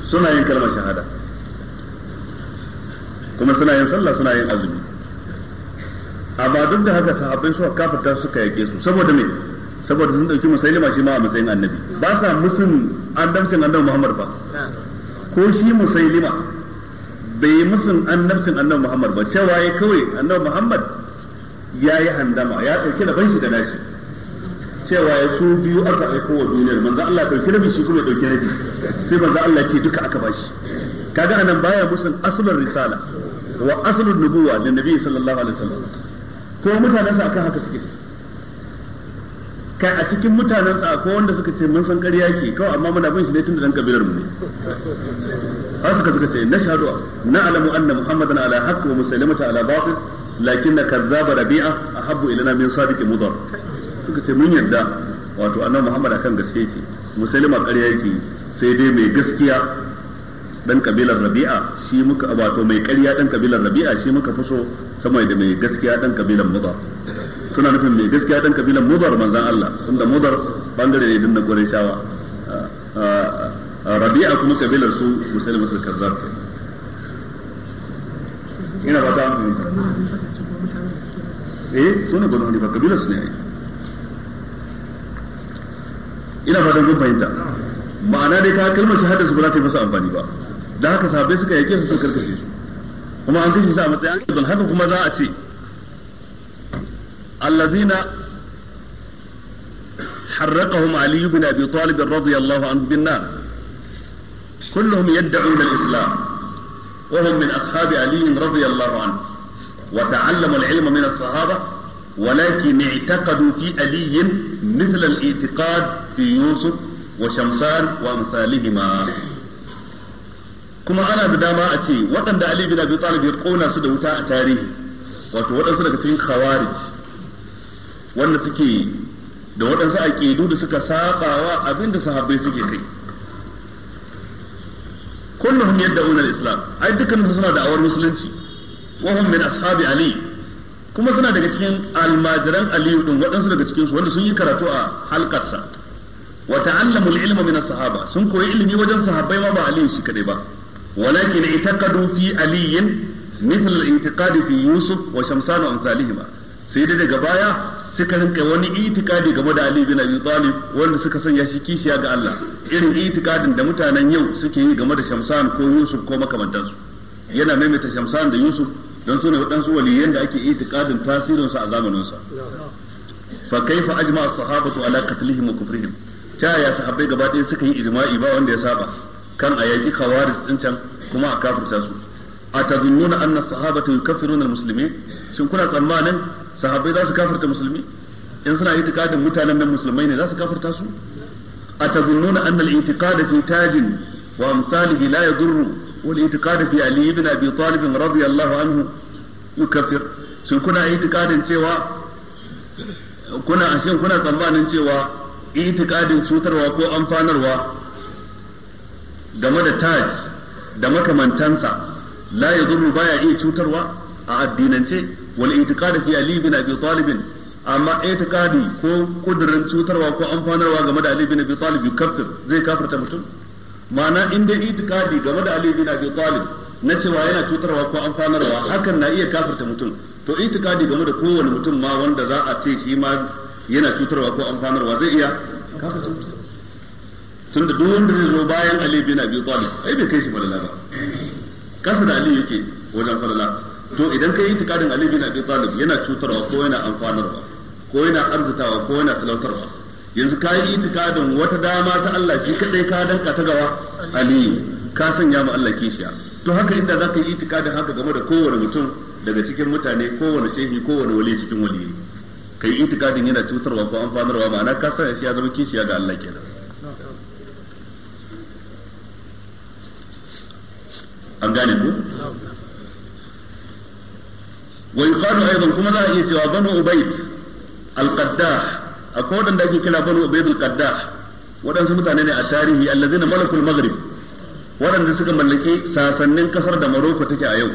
suna yin kalmar shahada kuma suna yin sallah suna yin azumi ba duk da haka sahabbai suka kafarta suka yake su saboda me saboda sun dauki musailima shi ma a matsayin annabi ba sa musun annabcin annabi Muhammad ba ko shi musailima bai musun annabcin annabi Muhammad ba cewa ya kawai annabi Muhammad ya yi handama ya dauki da ban shi da nashi cewa ya su biyu aka aiko wa duniyar manzo Allah ya dauki rabi shi kuma ya dauki rabi sai manzo Allah ya ce duka aka bashi kaga anan baya musun asalin risala wa aslun nubuwa da nabi sallallahu alaihi wasallam ko sa akan haka suke kai a cikin sa akwai wanda suka ce mun san ƙarya ke kawai amma muna bin shi ne tun da dan kabilar mu ne har suka suka ce na shahadu na alamu anna muhammadan ala haqq wa muslimata ala batil lakinna kazzaba rabi'a ahabbu ilana min sadiq mudar suka ce mun yarda wato annabi muhammad akan gaske yake muslima ƙarya yake sai dai mai gaskiya dan kabilar rabi'a shi muka wato mai ƙarya dan kabilar rabi'a shi muka fi so sama da mai gaskiya dan kabilar mudar suna nufin mai gaskiya dan kabilar mudar manzon Allah tunda mudar bangare ne din na Qurayshawa rabi'a kuma kabilar su musulmatul kazzab ina ba ta mu eh suna ne ba kabilar su ne ina fatan kun fahimta ma'ana dai ka kalmar shahadar su ba za ta yi masa amfani ba da haka sahabbai suka yake su suka karkashe su kuma an kashe su a matsayin don haka kuma za a ce allazina حرقهم علي بن ابي طالب رضي الله عنه بالنار كلهم يدعون الاسلام وهم من اصحاب علي رضي الله عنه وتعلموا العلم من الصحابه ولكن اعتقدوا في علي مثل الاعتقاد في يوسف وشمسان وامثالهما kuma ana da dama a ce waɗanda Ali bin Abi Talib ya kona su da wuta a tarihi wato waɗansu daga cikin khawarij wanda suke da waɗansu aƙidu da suka saƙawa abinda sahabbai suke kai kulluhum yadda al-islam ai dukkanin suna da awar musulunci wa hum min ashabi ali kuma suna daga cikin almajiran aliyu din waɗansu daga cikin su wanda sun yi karatu a halkarsa wa ta'allamu al-ilma min as-sahaba sun koyi ilimi wajen sahabbai ma ba aliyu shi kadai ba walakin itaqadu fi aliyin مثل الاعتقاد في يوسف وشمسان وامثالهما sai dai daga baya suka rinka wani itikadi game da Ali bin Abi Talib wanda suka sanya shi kishiya ga Allah irin itikadin da mutanen yau suke yi game da Shamsan ko Yusuf ko makamantansu yana maimaita Shamsan da Yusuf don su ne waɗansu waliyan da ake itikadin tasirin su a zamanin sa fa kaifa ajma'a as-sahabatu ala qatlihim wa kufrihim ta ya sahabbai gaba ɗaya suka yi ijma'i ba wanda ya saba kan a yaki khawarij din can kuma a kafirta su a ta tazunnuna anna sahabata yukaffiruna almuslimin shin kuna tsammanin sahabai za su kafirta musulmi in suna itikadin mutanen nan musulmai ne za su kafirta su a ta anna al-i'tiqad fi tajin wa amsalihi la yadurru wal i'tiqad fi ali ibn abi talib radiyallahu anhu yukaffir shin kuna itikadin cewa kuna shin kuna tsammanin cewa itikadin cutarwa ko amfanarwa game da taj da makamantansa la zuru baya iya cutarwa a addinance wal itiqad fi ali bin abi talib amma itiqadi ko kudurin cutarwa ko amfanarwa game da ali bin abi talib yukaffir zai kafirta mutum ma'ana in dai itiqadi game da ali bin abi talib na cewa yana cutarwa ko amfanarwa hakan na iya kafirta mutum to itiqadi game da kowane mutum ma wanda za a ce shi ma yana cutarwa ko amfanarwa zai iya kafirta mutum tunda duk wanda zai zo bayan Ali bin Abi Talib ai bai kai shi falala ba kasa da Ali yake wajen falala to idan kai itikadin Ali bin Abi Talib yana cutarwa ko yana amfanarwa ko yana arzutawa ko yana talautarwa yanzu ka yi itikadin wata dama ta Allah shi kadai ka danka ta gawa Ali ka sanya mu Allah kishiya to haka inda za ka yi itikadin haka game da kowane mutum daga cikin mutane kowane shehi kowane wali cikin waliyai kai itikadin yana cutarwa ko amfanarwa ma'ana ka sanya shi ya zama kishiya ga Allah kenan an gane ko wa yuqalu aidan kuma za a iya cewa banu ubayd al-qaddah akwai wadanda ake kira banu ubayd al-qaddah wadansu mutane ne a tarihi allazina malakul maghrib wadanda suka mallaki sasannin kasar da Morocco take a yau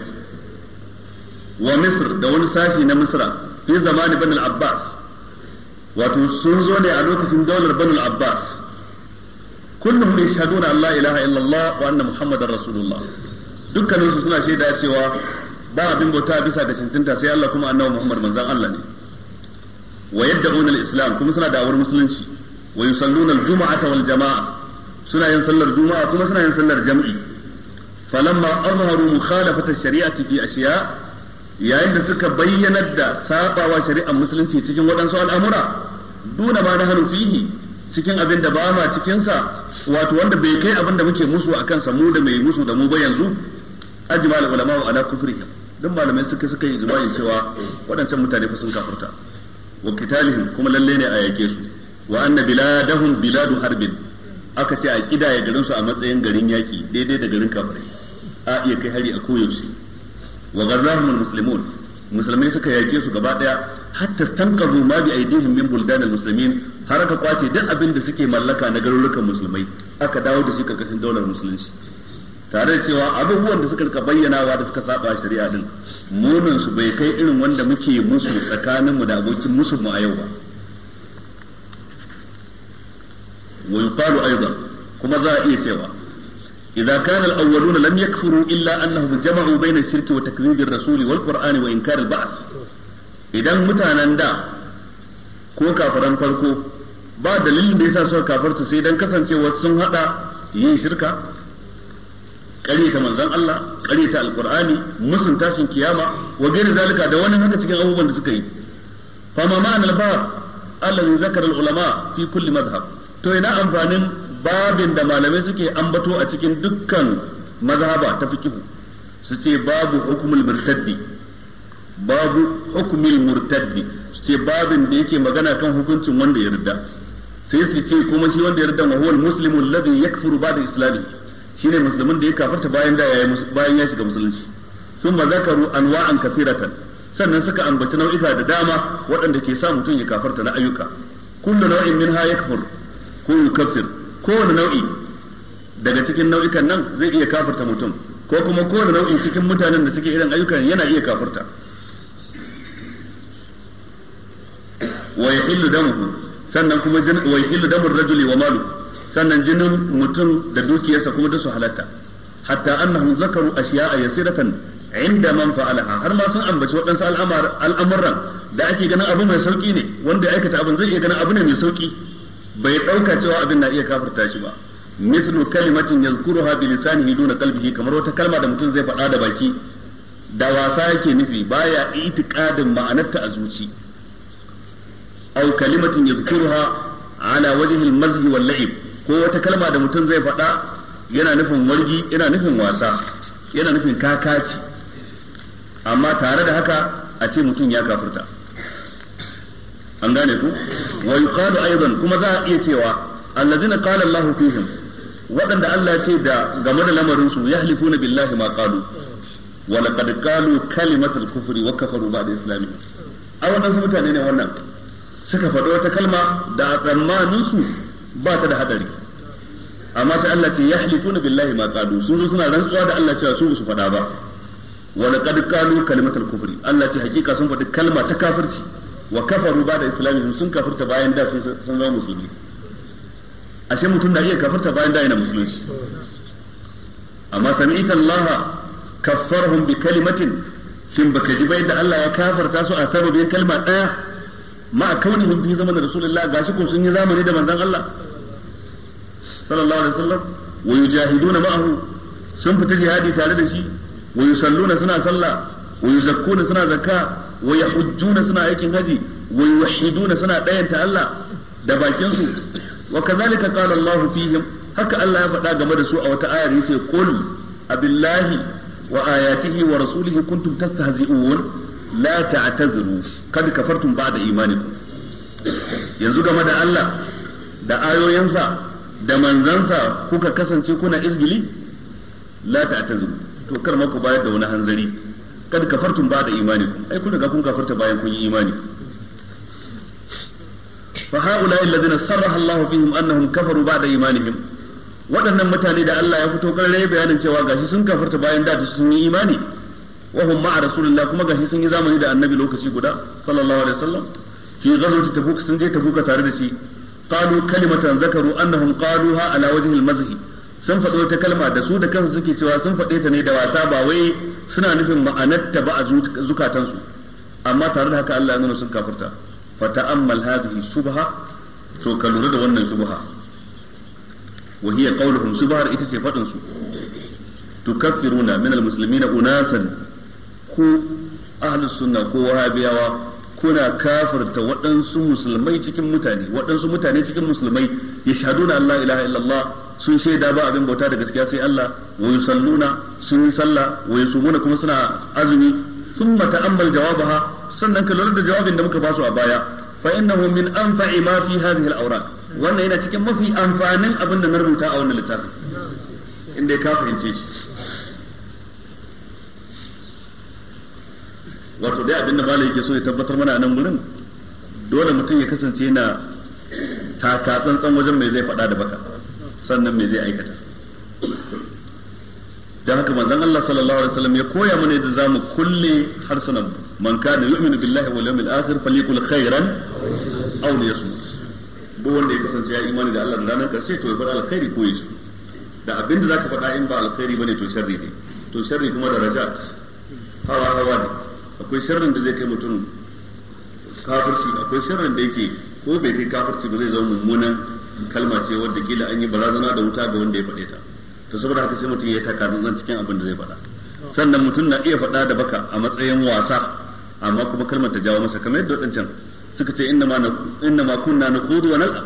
wa Misr da wani sashi na Misra fi zamani Bani abbas wato sun zo ne a lokacin daular Bani abbas kullum ne shaduna Allah ilaha illallah wa anna Muhammadar Rasulullah dukkaninsu suna shaida cewa ba abin bauta bisa ga cancanta sai Allah kuma annabi Muhammad manzon Allah ne wa yad'una al-islam kuma suna da'awar musulunci wa yusalluna al-jum'ata wal jama'a suna yin sallar juma'a kuma suna yin sallar jam'i falamma azharu mukhalafata shari'ati fi ashiya yayin da suka bayyanar da sabawa shari'ar musulunci cikin waɗansu al'amura duna ma nahnu fihi cikin abin da ba ma cikinsa wato wanda bai kai abin da muke musu akan kansa mu da mai musu da mu ba yanzu ajma al ulama ala kufrihim dan malamai suka suka yi ijma'i cewa waɗancan mutane fa sun kafirta wa qitalihim kuma lalle ne a yake su wa anna biladahum biladu harbin aka ce a kidaya garin su a matsayin garin yaki daidai da garin kafirai a iya kai hari a koyaushe wa gazahumul muslimun musulmai suka yake su gaba daya hatta stanqazu ma bi aidihim min buldanil muslimin har aka kwace duk abin da suke mallaka na garurukan musulmai aka dawo da shi karkashin daular musulunci tare da cewa abubuwan da suka rika bayyanawa da suka saba shari'a din munin su bai kai irin wanda muke musu tsakanin mu da abokin musu mu a yau ba wa yuqalu aidan kuma za a iya cewa idza kana al-awwaluna lam yakfuru illa annahum jama'u bayna ash-shirki wa takdhibi ar-rasuli wal qur'ani wa inkar al-ba'th idan mutanen da ko kafiran farko ba dalilin da yasa suka kafarta sai dan kasancewa sun hada yin shirka ta manzon Allah ta alqur'ani musun tashin kiyama wa zalika da wani haka cikin abubuwan da suka yi fa ma ma'an bab alladhi zakara ulama fi kulli madhhab to ina amfanin babin da malamai suke ambato a cikin dukkan mazhaba ta fikihu su ce babu hukumul murtaddi babu hukumul murtaddi su ce babin da yake magana kan hukuncin wanda ya ridda sai su ce kuma shi wanda ya ridda wa huwal muslimul ladhi yakfuru ba'da islami shine musulmin da ya kafarta bayan da bayan ya shiga musulunci sun ba zakaru anwa'an kathiratan sannan suka ambaci nau'ika da dama waɗanda ke sa mutum ya kafarta na ayyuka kullu nau'in ha yakfur ko yukaffir kowane nau'i daga cikin nau'ikan nan zai iya kafarta mutum ko kuma kowane nau'in cikin mutanen da suke irin ayyukan yana iya kafarta wa yahillu damuhu sannan kuma wa yahillu damur rajuli wa maluhu sannan jinin mutum da dukiyarsa kuma da su halatta hatta annahum zakaru ashiya'a yasiratan inda man fa'alaha har ma sun ambaci waɗansu al'amuran da ake ganin abu mai sauki ne wanda ya aikata abin zai iya ganin abu ne mai sauki bai ɗauka cewa abin na iya kafirta shi ba mislu kalimatin yazkuruha bi lisanihi duna qalbihi kamar wata kalma da mutum zai faɗa da baki da wasa yake nufi baya itiqadin ma'anarta a zuci aw kalimatin yazkuruha ala wajhi al-mazhi wal-la'ib ko wata kalma da mutum zai faɗa yana nufin wargi yana nufin wasa yana nufin kakaci amma tare da haka a ce mutum ya kafurta. an gane ku wa yuqalu aidan kuma za a iya cewa alladhina qala Allah fihim waɗanda Allah ya ce da game da lamarin su yahlifuna billahi ma qalu wa laqad qalu kalimatul kufri wa kafaru ba'da islami a waɗansu mutane ne wannan suka faɗo wata kalma da tsammanin su ba ta da hadari amma sai Allah ce yahlifuna billahi ma qalu sun zo suna rantsuwa da Allah cewa su su faɗa ba wa laqad qalu kalimatal kufri Allah ce hakika sun faɗi kalma ta kafirci wa kafaru ba da islami sun kafirta bayan da sun zama musulmi ashe mutum da iya kafirta bayan da yana musulunci amma sami'ta Allah kaffarhum bi kalimatin shin baka ji bai da Allah ya kafarta su a sababin kalma daya ma kaunihim fi zaman rasulullah gashi ko sun yi zamani da manzon Allah sallallahu alaihi wasallam wa yujahiduna ma'ahu sun fita jihadi tare da shi wa yusalluna suna sallah wa yuzakkuna suna zakka wa yahujjuna suna aikin haji wa yuwahhiduna suna dayanta Allah da bakin su wa kazalika qala Allah fihim haka Allah ya faɗa game da su a wata ayar yace qul abillahi wa ayatihi wa rasulihi kuntum tastahzi'un la ta'tazuru kad kafartum ba'da imanikum yanzu game da Allah da ayoyinsa da manzansa kuka kasance kuna izgili la ta'tazuru to kar ma bayar da wani hanzari kad kafartum ba'da imanikum ai kun riga kun kafarta bayan kun yi imani fa haula alladhina sarraha Allahu bihim waɗannan mutane da Allah ya fito kan bayanin cewa gashi sun kafarta bayan da sun yi imani wa hum rasulillah kuma gashi sun yi zamani da annabi lokaci guda sallallahu alaihi wasallam fi ghazwati sun je tabuk tare da shi qalu kalimatan zakaru annahum qaluha ala wajhi al-mazhi sun faɗo ta kalma da su da kansu suke cewa sun faɗe ne da wasa ba wai suna nufin ma'anar ba a zukatansu amma tare da haka Allah ya sun kafirta fa ta'ammal hadhihi subha to ka lura da wannan subha wa hiya ita ce faɗin su tukaffiruna min al-muslimina unasan ko ahlus sunna ko wahabiyawa kuna kafirta waɗansu musulmai cikin mutane waɗansu mutane cikin musulmai ya na Allah ilaha illallah sun shaida ba abin bauta da gaskiya sai Allah wa yusalluna sun yi sallah wa yusumuna kuma suna azumi mata ta'ammal jawabaha sannan ka lura da jawabin da muka basu a baya fa innahu min anfa'i ma fi hadhihi al-awraq wannan yana cikin mafi amfanin abin da na rubuta a wannan littafin inda ka fahimce shi wato dai abinda malai yake so ya tabbatar mana a nan gurin dole mutum ya kasance yana taka tsantsan wajen mai zai faɗa da baka sannan mai zai aikata dan haka manzon Allah sallallahu alaihi wasallam ya koya mana yadda zamu kulle harsunan man kana yu'minu billahi wal yawmil akhir falyakul khairan aw liyasmut duk wanda ya kasance ya imani da Allah da ranar karshe to ya faɗa alkhairi ko yasu da abinda zaka faɗa in ba alkhairi bane to sharri ne to sharri kuma da rajat hawa hawa ne akwai sharrin da zai kai mutum kafirci akwai sharrin da yake ko bai kai kafirci ba zai zama mummunan kalma ce wadda kila an yi barazana da wuta ga wanda ya faɗe ta to saboda haka sai mutum ya taka zan cikin abin da zai faɗa sannan mutum na iya faɗa da baka a matsayin wasa amma kuma kalmar ta jawo masa kamar yadda waɗancan suka ce inna ma inna ma kunna khudu wa nal'a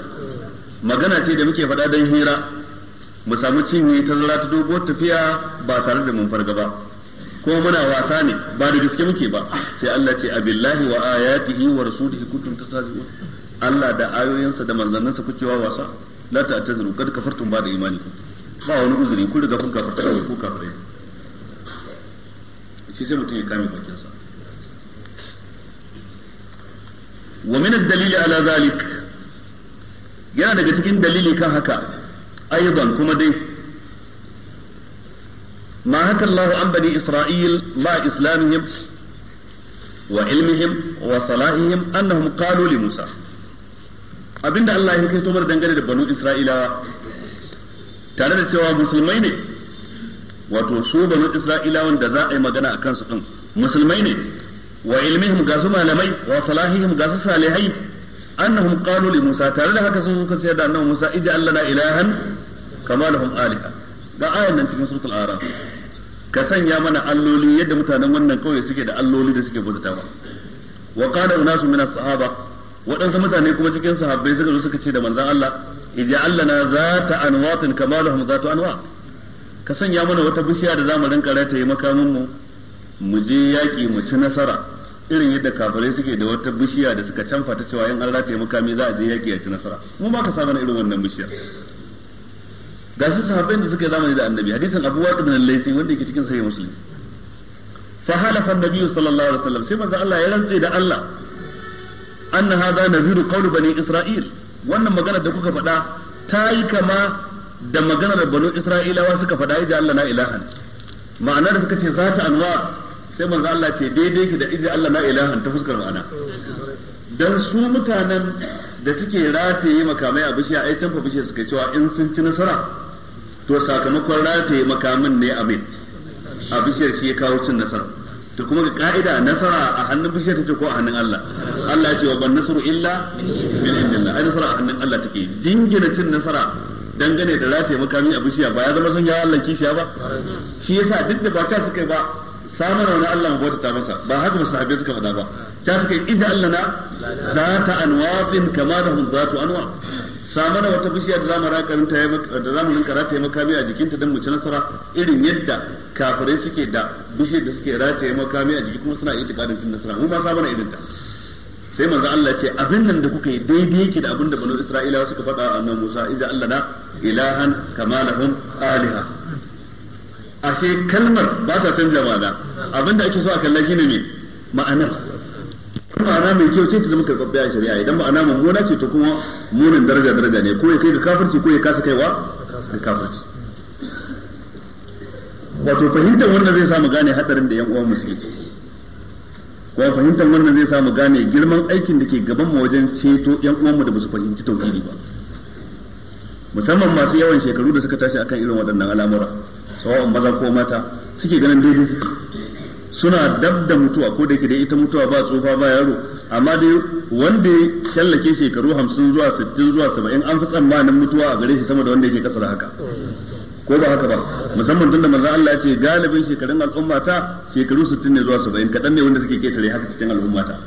magana ce da muke faɗa dan hira mu samu cinye ta zara ta doguwar tafiya ba tare da mun farga ba ko muna wasa ne ba da gaske muke ba sai Allah ce abillahi wa ayatihi wa rasulihi kuntum tasajidu Allah da ayoyinsa da manzannansa kuke wa wasa la ta'tazuru kad kafartum ba da imani ba wani uzuri ku riga kun kafarta ku kafare shi sai mutum ya kame bakin sa wa min ad-dalil ala zalik yana daga cikin dalili kan haka aidan kuma dai ما حكى الله عن بني إسرائيل مع إسلامهم وعلمهم وصلاحهم أنهم قالوا لموسى abinda Allah ya kaito mana dangane da banu Isra'ilawa tare da cewa musulmai ne wato su banu Isra'ilawan da za a yi magana a kansu din musulmai ne wa ilmihim ga malamai wa salahihim ga su salihai annahum qalu Musa tare da haka sun suka ce da annabi Musa ija allana ilahan da lahum ga ayan nan cikin suratul araf ka sanya mana alloli yadda mutanen wannan kauye suke da alloli da suke bautata ba wa qala unasu min sahaba waɗansu mutane kuma cikin sahabbai suka zo suka ce da manzon Allah ij'al na zata anwatin kamaluhum lahum zatu anwa ka sanya mana wata bishiya da zamu rinka yi makamin mu mu je yaki mu ci nasara irin yadda kafirai suke da wata bishiya da suka canfa ta cewa in an yi makami za a je yaki ya ci nasara mu ba ka sa mana irin wannan bishiyar ga su sahabbai da suka yi zamani da annabi hadisin abu ibn al laifi wanda yake cikin sahih muslim fa halafa annabi sallallahu alaihi wasallam sai manzo Allah ya rantse da Allah anna hadha naziru qawl bani isra'il wannan magana da kuka faɗa ta yi kama da maganar banu isra'ilawa suka faɗa ija Allah na ilahan ma'anar da suka ce zata anwa sai manzo Allah ce daidai ki da ija Allah na ilahan ta fuskar ma'ana dan su mutanen da suke rataye makamai a bishiya ai can fa bishiya suka cewa in sun ci nasara to sakamakon rataye makamin ne amin a bishiyar shi ya kawo cin nasara to kuma ga ka'ida nasara a hannun bishiyar take ko a hannun Allah Allah ya ce wa ban nasru illa min indillah ai nasara a hannun Allah take jingina cin nasara dangane da rataye makamin a bishiya ba ya zama sun ya Allah kishiya ba shi yasa duk da ba ta suka ba samar wani Allah mu bauta masa ba haka masahabai suka faɗa ba ta suka yi ija Allah na za ta anwafin kama da hun za ta anwa samana wata bishiya da zamu rakarinta ya da zamu rinka rataye makami a jikinta dan mu ci nasara irin yadda kafirai suke da bishiyar da suke rataye makami a jiki kuma suna itikadin cin nasara mu ba sabana irin ta sai manzo Allah ce abin nan da kuka yi daidai yake da abin da banu Isra'ila suka faɗa a nan Musa iza Allah na ilahan kama lahum aliha ashe kalmar ba ta canja ma'ana abin da ake so a kalla shine me ma'anar ma'ana mai kyau ce ta zama karɓaɓɓe a shari'a idan ma'ana mummuna ce to kuma munin daraja daraja ne ko ya kai ga kafirci ko ya kasa kaiwa ga kafirci wato fahimtar wannan zai samu gane hadarin da yan musu yake kuma fahimtar wannan zai samu gane girman aikin da ke gaban mu wajen ceto yan uwanmu da basu fahimci tauhidi ba musamman masu yawan shekaru da suka tashi akan irin waɗannan al'amura sawa'un maza ko mata suke ganin daidai suke suna dab da mutuwa ko da yake da ita mutuwa ba tsufa ba yaro amma dai wanda ya shallake shekaru hamsin zuwa sittin zuwa saba'in an fi tsammanin mutuwa a gare shi sama da wanda yake kasa da haka ko ba haka ba musamman tunda manzon Allah ya ce galibin shekarun al'umma ta shekaru 60 ne zuwa 70 kadan ne wanda suke ketare haka cikin al'umma ta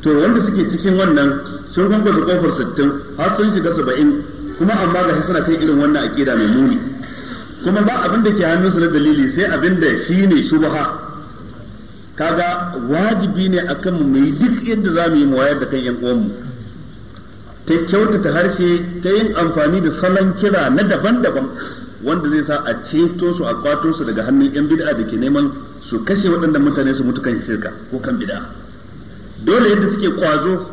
to wanda suke cikin wannan sun kanka su kofar 60 har sun shiga 70 kuma amma ga shi suna kai irin wannan akida mai muni kuma ba abin da ke hannunsu na dalili sai abin da shine shubha kaga wajibi ne akan mu mai duk yadda za mu yi mu wayar da kan yan uwanmu ta kyautata harshe ta yin amfani da salon kira na daban-daban wanda zai sa a ceto su a kwato su daga hannun yan bid'a da ke neman su kashe waɗanda mutane su mutu kan shirka ko kan bid'a dole yadda suke kwazo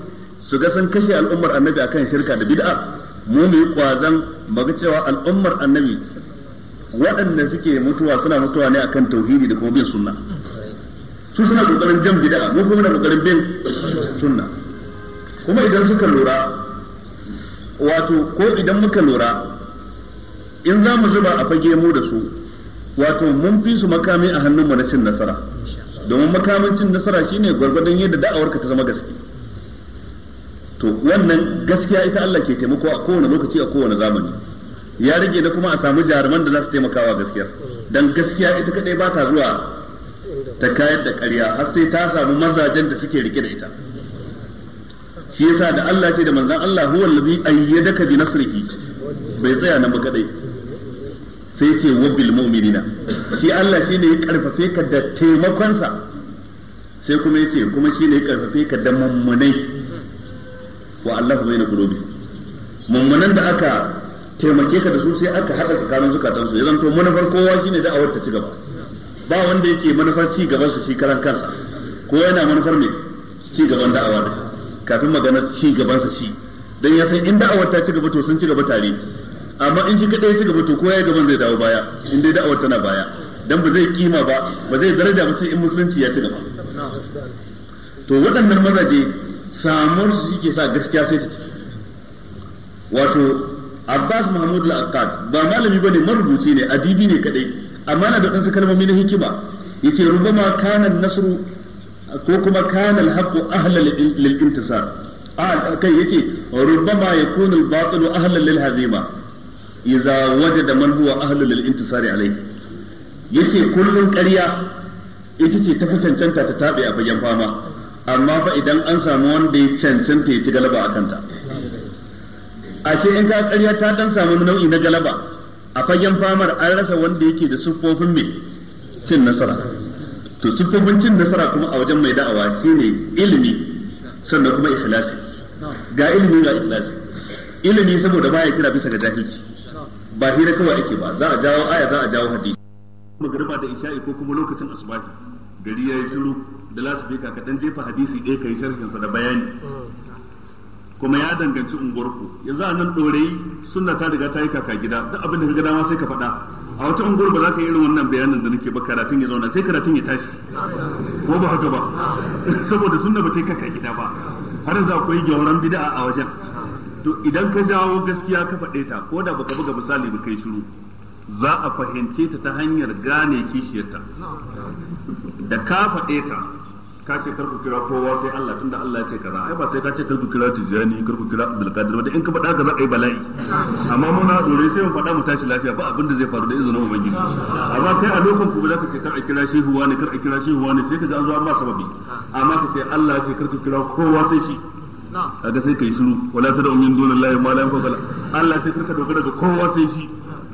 su ga sun kashe al'ummar annabi a kan shirka da bid'a mu mu yi kwazon maga cewa al'ummar annabi waɗanda suke mutuwa suna mutuwa ne akan tauhidi da kuma bin sunna su suna kokarin jan bid'a mu kuma muna kokarin bin sunna kuma idan suka lura wato ko idan muka lura in za mu zuba a fage mu da su wato mun fi su makami a hannunmu na cin nasara domin makamin cin nasara shine gwargwadon yadda da'awarka ta zama gaske to wannan gaskiya ita Allah ke taimako a kowane lokaci a kowane zamani ya rage da kuma a samu jaruman da za su taimakawa gaskiyar dan gaskiya ita kadai ba ta zuwa ta kayar da ƙarya har sai ta samu mazajen da suke rike da ita shi yasa da Allah ce da manzon Allah huwa allazi ayyadaka bi nasrihi bai tsaya nan ba kadai sai ce wa bil mu'minina shi Allah ne ya karfafe ka da taimakonsa sai kuma ya ce kuma shi ne ya karfafe ka da mummunai wa Allahu na gurobi mummunan da aka taimake ka da su sai aka hada tsakanin zukatansu ya zanto wa kowa ne da'awar ta ci gaba ba wanda yake manufar ci gaban su shi karan kansa ko yana manufar ne ci gaban da'awa kafin magana ci gaban sa shi dan ya san in da'awar ta ci gaba to sun ci gaba tare amma in shi kadai ci gaba to ko yayi gaban zai dawo baya in dai da'awar tana baya dan ba zai kima ba ba zai daraja ba sai in musulunci ya ci gaba to waɗannan mazaje samuwar su suke ke sa gaskiya sai ta ci wato Abbas Mahmud al ba malami bane marubuci ne adibi ne kadai amma na da ɗansu kalmomi na hikima yace rubama kanan nasru ko kuma kanan al ahalar ahla ta intisar a kai yace rubama yakunu al-batilu ya za waje da manhuwa ahalar huwa ta sare alai ya yace kullum ƙarya ita ce ta fi cancanta ta taɓe a fagen fama amma fa idan an samu wanda ya cancanta ya ci galaba a kanta ashe in ka ƙarya ta dan samu nau'i na galaba a fagen famar an rasa wanda yake da siffofin mai cin nasara to siffofin cin nasara kuma a wajen mai da'awa shine ilimi sannan kuma ikhlasi ga ilimi ga ikhlasi ilimi saboda baya kira bisa ga jahilci ba hira kawai ake ba za a jawo aya za a jawo hadisi magriba da isha'i ko kuma lokacin asubahi gari yayi shiru da lasu kaɗan jefa hadisi ɗaya ka yi sa da bayani kuma ya danganci unguwarku yanzu a nan ɗorayi sunna ta riga ta yi kaka gida duk abin da kaga dama sai ka faɗa a wata unguwar ba za ka yi irin wannan bayanin da nake ba karatun ya zauna sai karatun ya tashi ko ba haka ba saboda sunna ba ta kaka gida ba har yanzu akwai gyauran bid'a a wajen to idan ka jawo gaskiya ka faɗe ta ko da baka buga misali ba kai shiru za a fahimce ta ta hanyar gane kishiyarta da ka faɗe ta ka ce kar ku kira kowa sai Allah tunda Allah ya ce kaza ai ba sai ka ce kar ku kira Tijani kar ku kira Abdul Qadir ba in ka faɗa ka za a yi bala'i amma mun na dore sai mu faɗa mu tashi lafiya ba abin da zai faru da izinin ubangiji amma kai a lokacin ku za ka ce kar a kira shehu wani kar a kira shehu wani sai ka ji an zo an ba sababi amma ka ce Allah ya ce kar ku kira kowa sai shi kaga sai kai shiru wala tad'u dunan dunillahi ma la kala. Allah sai karka dogara ga kowa sai shi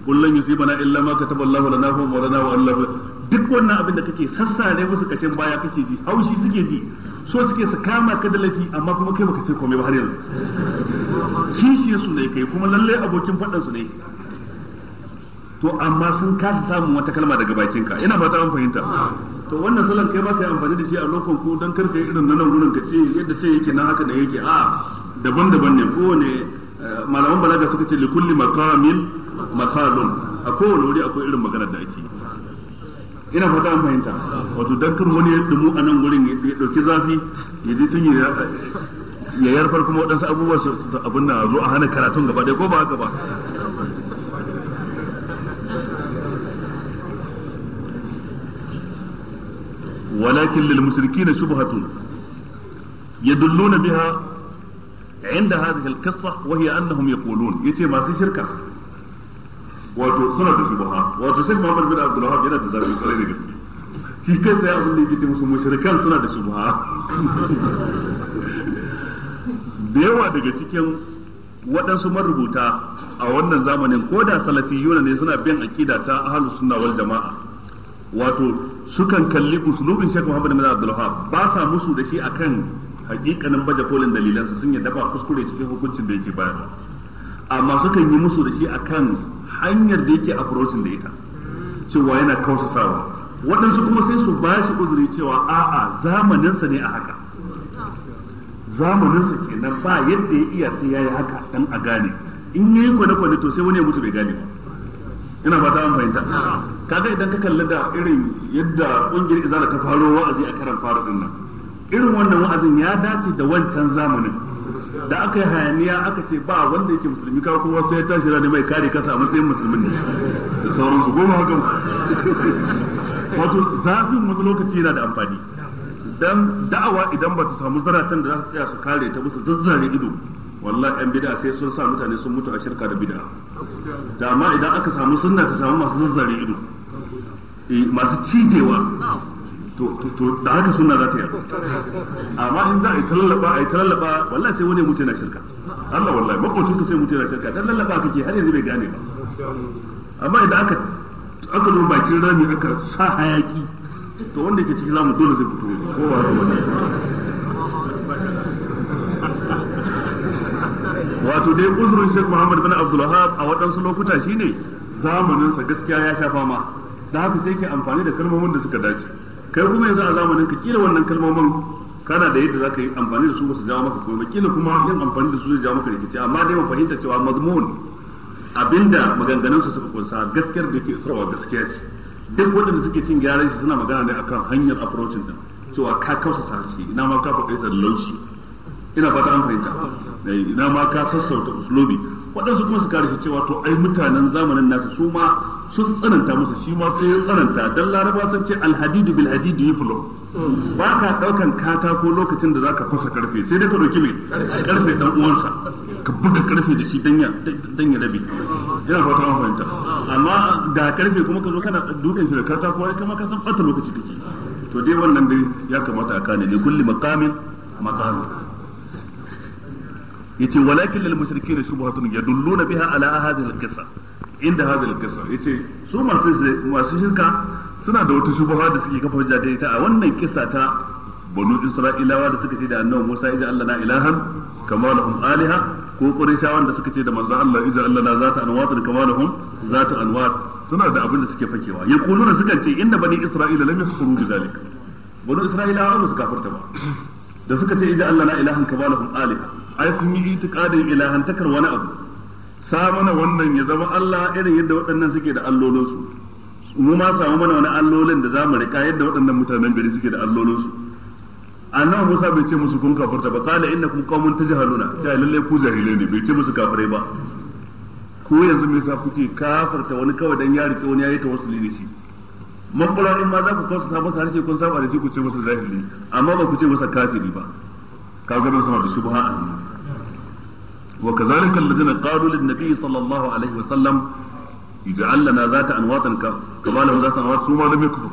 kullun yusibana illa ma kataballahu lana fa wa lana wa Allah duk wannan abin da kake sassare musu kashin baya kake ji haushi suke ji so suke su kama ka da lafi amma kuma kai baka ce komai ba har yanzu kishiye su ne kai kuma lalle abokin faɗan su ne to amma sun kasa samun wata kalma daga bakin ka ina fata an fahimta to wannan salon kai ba yi amfani da shi a lokacin ku dan karka irin nan gurin ka ce yadda ce yake na haka da yake a daban-daban ne kowane eh, malaman balaga suka ce likulli maqamin maqalun a kowane wuri akwai irin maganar da ake yi ina fata an fahimta wato dakkar wani ya a nan wurin ya dauki zafi ya ji sun yi ya yarfar kuma waɗansu abubuwa su abin na zo a hana karatun gaba ɗaya ko ba haka ba walakin lil musriki na shubhatun yadulluna biha inda hadhihi al-qissa wa hiya ya yaqulun yace masu shirka wato suna da shubaha wato Sheikh Muhammad bin Abdul yana da zafi kwarai da gaske shi kai sai abin da yake musu mushrikan suna da shubaha da yawa daga cikin waɗansu marubuta a wannan zamanin ko da salafiyuna ne suna bin aqida ta ahlus sunna wal jama'a wato sukan kalli uslubin Sheikh Muhammad bin Abdul ba sa musu da shi akan hakikanin baje kolin dalilansa sun yadda ba kuskure cikin hukuncin da yake bayarwa amma sukan yi musu da shi akan hanyar da yake approaching da ita cewa yana sa'wa, waɗansu kuma sai su ba shi uzuri cewa a'a zamaninsa ne a haka zamaninsa kenan ba yadda ya iya sai ya yi haka dan a gane in ya yi kwane-kwane to sai wani ya mutu bai gane ba ina ba ta fahimta kaga idan ka kalli da irin yadda ƙungiyar izala ta faro wa'azi a karan fara din nan irin wannan wa'azin ya dace da wancan zamanin da aka yi hayaniya aka ce ba wanda yake musulmi ka kowa sai ya tashi rana mai kare kasa a matsayin musulmin ne da sauransu goma haka wato zafin wani lokaci yana da amfani dan da'awa idan ba ta samu zaratan da za su tsaya su kare ta musu zazzare ido wallahi yan bid'a sai sun sa mutane sun mutu a shirka da bid'a da amma idan aka samu sunna ta samu masu zazzare ido eh, masu cijewa to da haka suna za ta yarda amma in za a yi talallaba a yi talallaba wallahi sai wani mutu yana shirka Allah wallahi makwacin ka sai mutu yana shirka dan lallaba kake har yanzu bai gane ba amma idan aka aka zo bakin rami aka sa hayaki to wanda ke cikin zamu dole zai fito kowa wato dai uzurin Sheikh Muhammad bin Abdul Wahab a waɗansu lokuta shine zamaninsa gaskiya ya sha fama da haka sai ke amfani da kalmomin da suka dace kai kuma yanzu a zamanin ka kila wannan kalmomin kana da yadda zaka yi amfani da su ba su jawo maka komai kila kuma yin amfani da su zai jawo maka rikici amma dai mu fahimta cewa mazmun abinda maganganun su suka kunsa gaskiyar da ke tsarawa gaskiya ce duk waɗanda suke cin gyaran shi suna magana ne akan hanyar approaching din cewa ka kausa sashi ina ma ka faɗi da laushi ina fata an fahimta eh, ina ma ka sassauta uslubi waɗansu kuma su karfi shi cewa to ai mutanen zamanin nasu su ma sun tsananta masa shi ma sai ya tsananta dan laraba sun ce alhadidu bil hadidi yuflo ba ka daukan katako lokacin da zaka fasa karfe sai dai ka dauki mai karfe dan uwansa ka buga karfe da shi dan ya dan ya rabi yana fata an fahimta amma ga karfe kuma ka zo kana dukan shi da katako ai kuma ka san fata lokaci kake to dai wannan dai ya kamata a kane li kulli maqamin maqamin yace walakin lil mushrikeena shubhatun yadulluna biha ala hadhihi al-qissa inda hazal kisa ce su masu shirka suna da wata shubuha da suke kafa hujja da ita a wannan kisa ta banu isra'ilawa da suka ce da annabi Musa ija Allah na ilahan kama lahum aliha ko qurayshawan da suka ce da manzo Allah ija Allah na zata anwat kama lahum zata anwat suna da abin da suke fakewa yaquluna suka ce inda bani isra'ila lam yakfuru bi zalik banu isra'ilawa ba su kafirta ba da suka ce ija Allah na ilahan kama lahum aliha ai sun yi itiqadin ilahantakar wani abu sa mana wannan ya zama Allah irin yadda waɗannan suke da allolinsu mu ma samu mana wani allolin da za mu rika yadda waɗannan mutanen gari suke da allolinsu annabi Musa bai ce musu kun kafirta ba qala innakum qaumun tajhaluna cewa lalle ku jahilai ne bai ce musu kafirai ba ko yanzu me yasa kuke kafirta wani kawai dan ya rike wani yayi wasu lili shi makwala in ma za ku kawo sa harshe kun saba da shi ku ce musu zahiri amma ba ku ce masa kafiri ba kaga nan sama da shubha a wa kazalika alladhina qalu lin nabiy sallallahu alaihi wa sallam ij'al lana zata anwatin ka kama lahu zata anwat su ma lam yakfur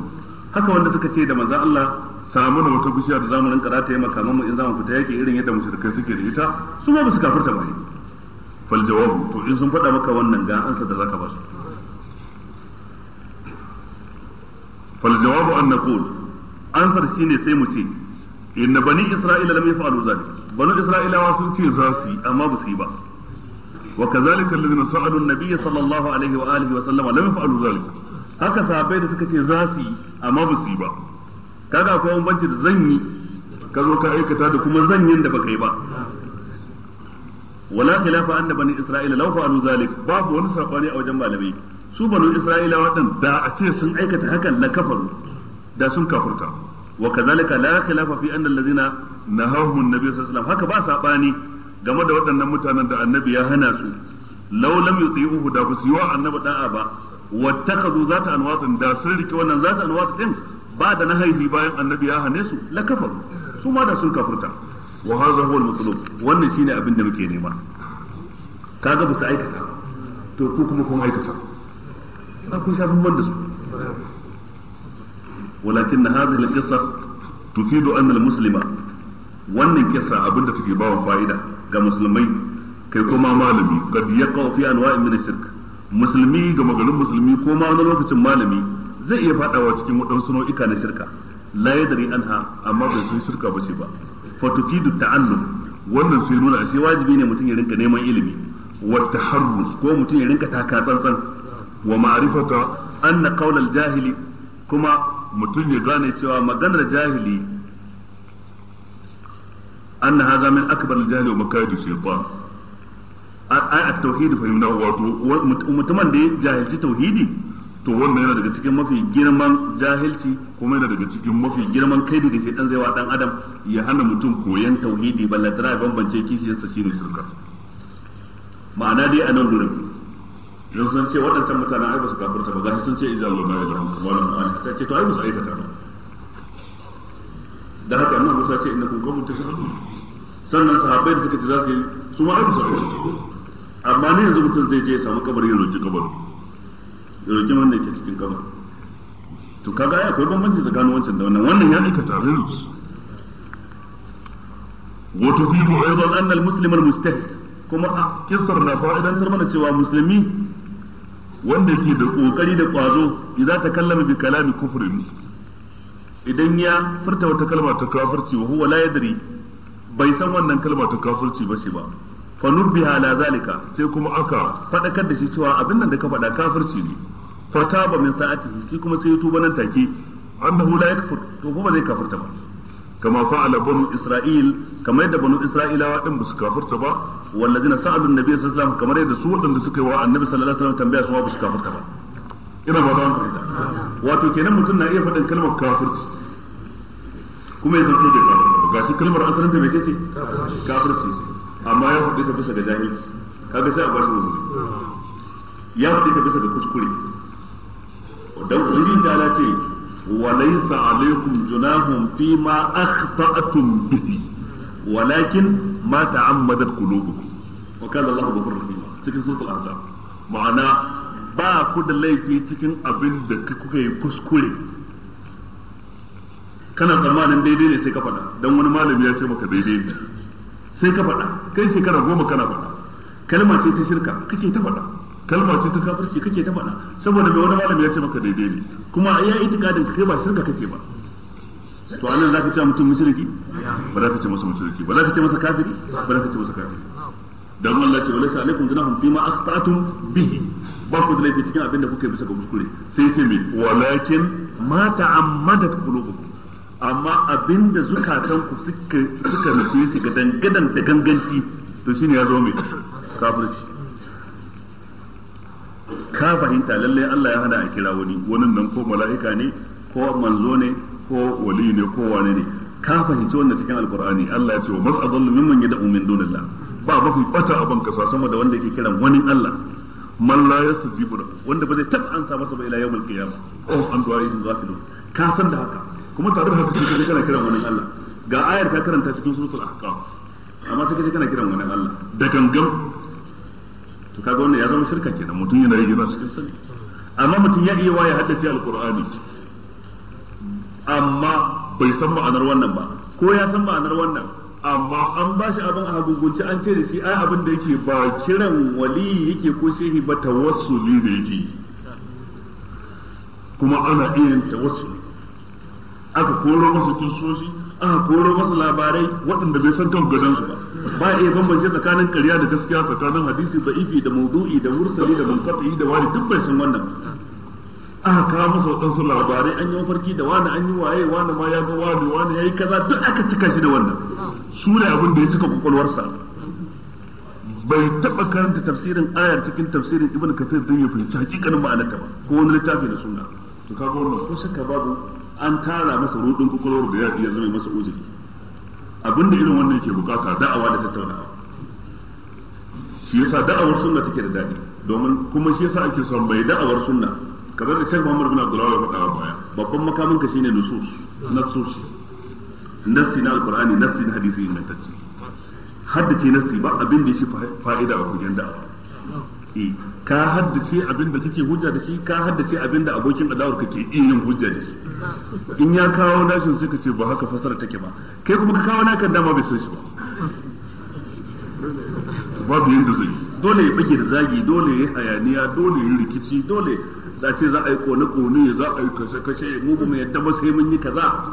haka wanda suka ce da manzon Allah samu na wata bishiyar da zamu rinka rataye makaman mu in zamu fita yake irin yadda mushrikai suke da ita su ma ba su kafirta ba fal jawab to in sun faɗa maka wannan ga ansa da zaka ba su fal jawabu an naqul ansar shine sai mu ce inna bani isra'ila lam yaf'alu zalik bani isra'ilawa sun ce za su yi amma ba su yi ba wa kazalika alladhina sa'alu an-nabiy sallallahu alaihi wa alihi wa sallama lam yaf'alu zalik haka sahabbai da suka ce za su yi amma ba su yi ba kaga akwai bambanci da zan yi ka zo ka aikata da kuma zan zanyin da baka yi ba wala khilafa anna bani isra'ila law fa'alu zalik babu wani sabani a wajen malami su banu isra'ila waɗanda da a ce sun aikata hakan la kafaru da sun kafurta wa kazalika la khilafa fi anna allazina nahahum annabi sallallahu alaihi wasallam haka ba sabani game da waɗannan mutanen da annabi ya hana su law lam yuti'uhu da su yiwa annabi da'a ba wattakhadhu zata anwatin da sun rike wannan zata anwat din ba da nahaihi bayan annabi ya hane su la kafaru su ma da sun kafurta wa hadha huwa al-matlub wannan shine abin da muke nema kaga ba su aikata to ku kuma kun aikata ba kun shafin da su walakin hadhihi al-qissa tufidu anna al-muslima wannan kissa abinda take bawa fa'ida ga musulmai kai kuma malami kad yaqa fi anwa'in min shirk musulmi ga magarin musulmi ko ma wani lokacin malami zai iya fadawa cikin waɗansu nau'ika na shirka la yadri anha amma bai sun shirka ba bace ba fa tufidu ta'allum wannan sun nuna ashe wajibi ne mutum ya rinka neman ilimi wa taharruz ko mutum ya rinka taka tsantsan wa ma'rifata anna qawl al-jahili kuma mutum ya gane cewa maganar jahili na haza min akbar jahili jahli wa makaidu ba ai a tauhidi fahimta wato mutumin da ya jahilci tauhidi to wannan yana daga cikin mafi girman jahilci kuma yana daga cikin mafi girman kai da shaytan zai wa dan adam ya hana mutum koyan tauhidi balla tana bambance kishiyarsa ne shirka ma'ana dai a nan gurin don sun ce waɗancan mutanen ai ba su kafurta ba gashi sun ce idan Allah ya da wani mu'ani ta ce to ai ba su aikata ba da haka annabi Musa ce innakum qawmun tashrun sannan sahabbai da suka ji za su yi su ma ai ba su aikata amma ne yanzu mutum zai je ya samu kabari ya roki kabarin ya roki wanda yake cikin kabarin to kaga ai akwai bambanci tsakanin wancan da wannan wannan ya aikata ne annal ايضا mustahid kuma a kisar na fa'idantar mana cewa musulmi. wanda ke da kokari da kwazo idza kallami bi kalami kufrin idan ya furta wata kalma ta kafirci wa huwa la yadri bai san wannan kalma ta kafirci ba shi ba fa nurbiha la zalika sai kuma aka fadakar da shi cewa abin nan da ka faɗa kafirci ne fa taba min sa'atihi sai kuma sai ya tuba nan take annahu la yakfur to kuma zai kafirta ba kama fa'ala banu isra'il kamar yadda banu isra'ilawa din basu kafirta ba wallazina sa'alu annabi sallallahu alaihi wasallam kamar yadda su wadanda suka yi wa annabi sallallahu alaihi wasallam tambaya su ba basu kafirta ba ina ba don wato kenan mutum na iya faɗin kalmar kafirci kuma ya zanto da kafirci ba gashi kalmar asalin ta mece ce kafirci amma ya faɗi ta bisa ga jahilci kaga sai a bashi wuri ya faɗi ta bisa ga kuskure dan ubangiji ta ce وليس عليكم جناح فيما أخطأتم به ولكن ما تعمدت قلوبكم وكان الله غفور رحيم cikin suratul ahzab ma'ana ba ku da laifi cikin abin da kuka yi kuskure kana tsammanin daidai ne sai ka faɗa dan wani malami ya ce maka daidai ne sai ka faɗa kai shekara goma kana faɗa kalma ce ta shirka kake ta faɗa kalma ce ta kafirci kake ta faɗa saboda mai wani malami ya ce maka daidai ne kuma ya itikadin ka kai ba shirka kake ba to anan za ka ce mutum mushriki ba za ka ce masa mushriki ba za ka ce masa kafiri ba za ka ce masa kafiri dan Allah ce walaysa alaikum junahum fima akhtatum bihi ba ku da laifi cikin abin da kuka yi bisa ga kuskure sai ce me walakin ma ta'ammadat qulubukum amma abinda zukatanku suka suka nufi shi ga dangadan da ganganci to shine ya zo me kafirci ka fahimta lalle Allah ya hada a kira wani wannan nan ko mala'ika ne ko manzo ne ko wali ne ko wane ne ka fahimci wannan cikin alqur'ani Allah ya ce wa mar adallu mimman yad'u min dunillah ba ba ku bata aban ka sama da wanda yake kiran wani Allah man la yastajibu wanda ba zai taba ansa masa ba ila yawmul qiyamah oh an du'a yin zakidu ka san da haka kuma tare da haka sai kana kiran wani Allah ga ayar ka karanta cikin suratul ahqaf amma sai kace kana kiran wani Allah da gangan to kaga wannan ya zama shirka kenan mutum yana rage ba cikin sani amma mutum ya iya waye haddace alqur'ani amma bai san ma'anar wannan ba ko ya san ma'anar wannan amma an ba shi abin a an ce da shi ai abin da yake ba kiran wali yake ko shehi ba tawassuli da yake kuma ana iya tawassuli aka koro masa kisoshi aka koro masa labarai waɗanda bai san kan gadon su ba ba iya bambance tsakanin ƙarya da gaskiya tsakanin hadisi da ifi da maudu'i da mursali da munqati da wani duk bai san wannan aka kawo masa waɗansu labarai an yi mafarki da wani an yi waye wani ma ya ga wani wani ya yi kaza duk aka cika shi da wannan su ne abin da ya cika kwakwalwarsa bai taɓa karanta tafsirin ayar cikin tafsirin ibn kafir don ya fahimci hakikanin ma'anarta ba ko wani littafi da suna to kaga wannan ko shakka babu an tara masa rudin kwakwalwar da ya iya zama masa uzuri abin da irin wannan ke bukata da'awa da tattaunawa shi yasa da'awar sunna take da daɗi domin kuma shi yasa ake son bai da'awar sunna kamar da Sheikh Muhammad bin Abdullah ya faɗa baya babban makamin ka shine nusus nasus nasti na alqur'ani nasti na hadisi ingantacce haddace nasti ba abin da shi fa'ida a kujen da'awa Eh, ka haddace abin da kake hujja da shi ka haddace abin da abokin adawar kake iya yin hujja da shi in ya kawo nashin sai ka ce ba haka fasara take ba kai kuma ka kawo na kan dama bai san shi ba babu yin zai dole ya bige da zagi dole ya hayaniya dole ya rikici dole za ce za a yi kone kone za a yi kashe kashe mu ba mu yadda ba sai mun yi kaza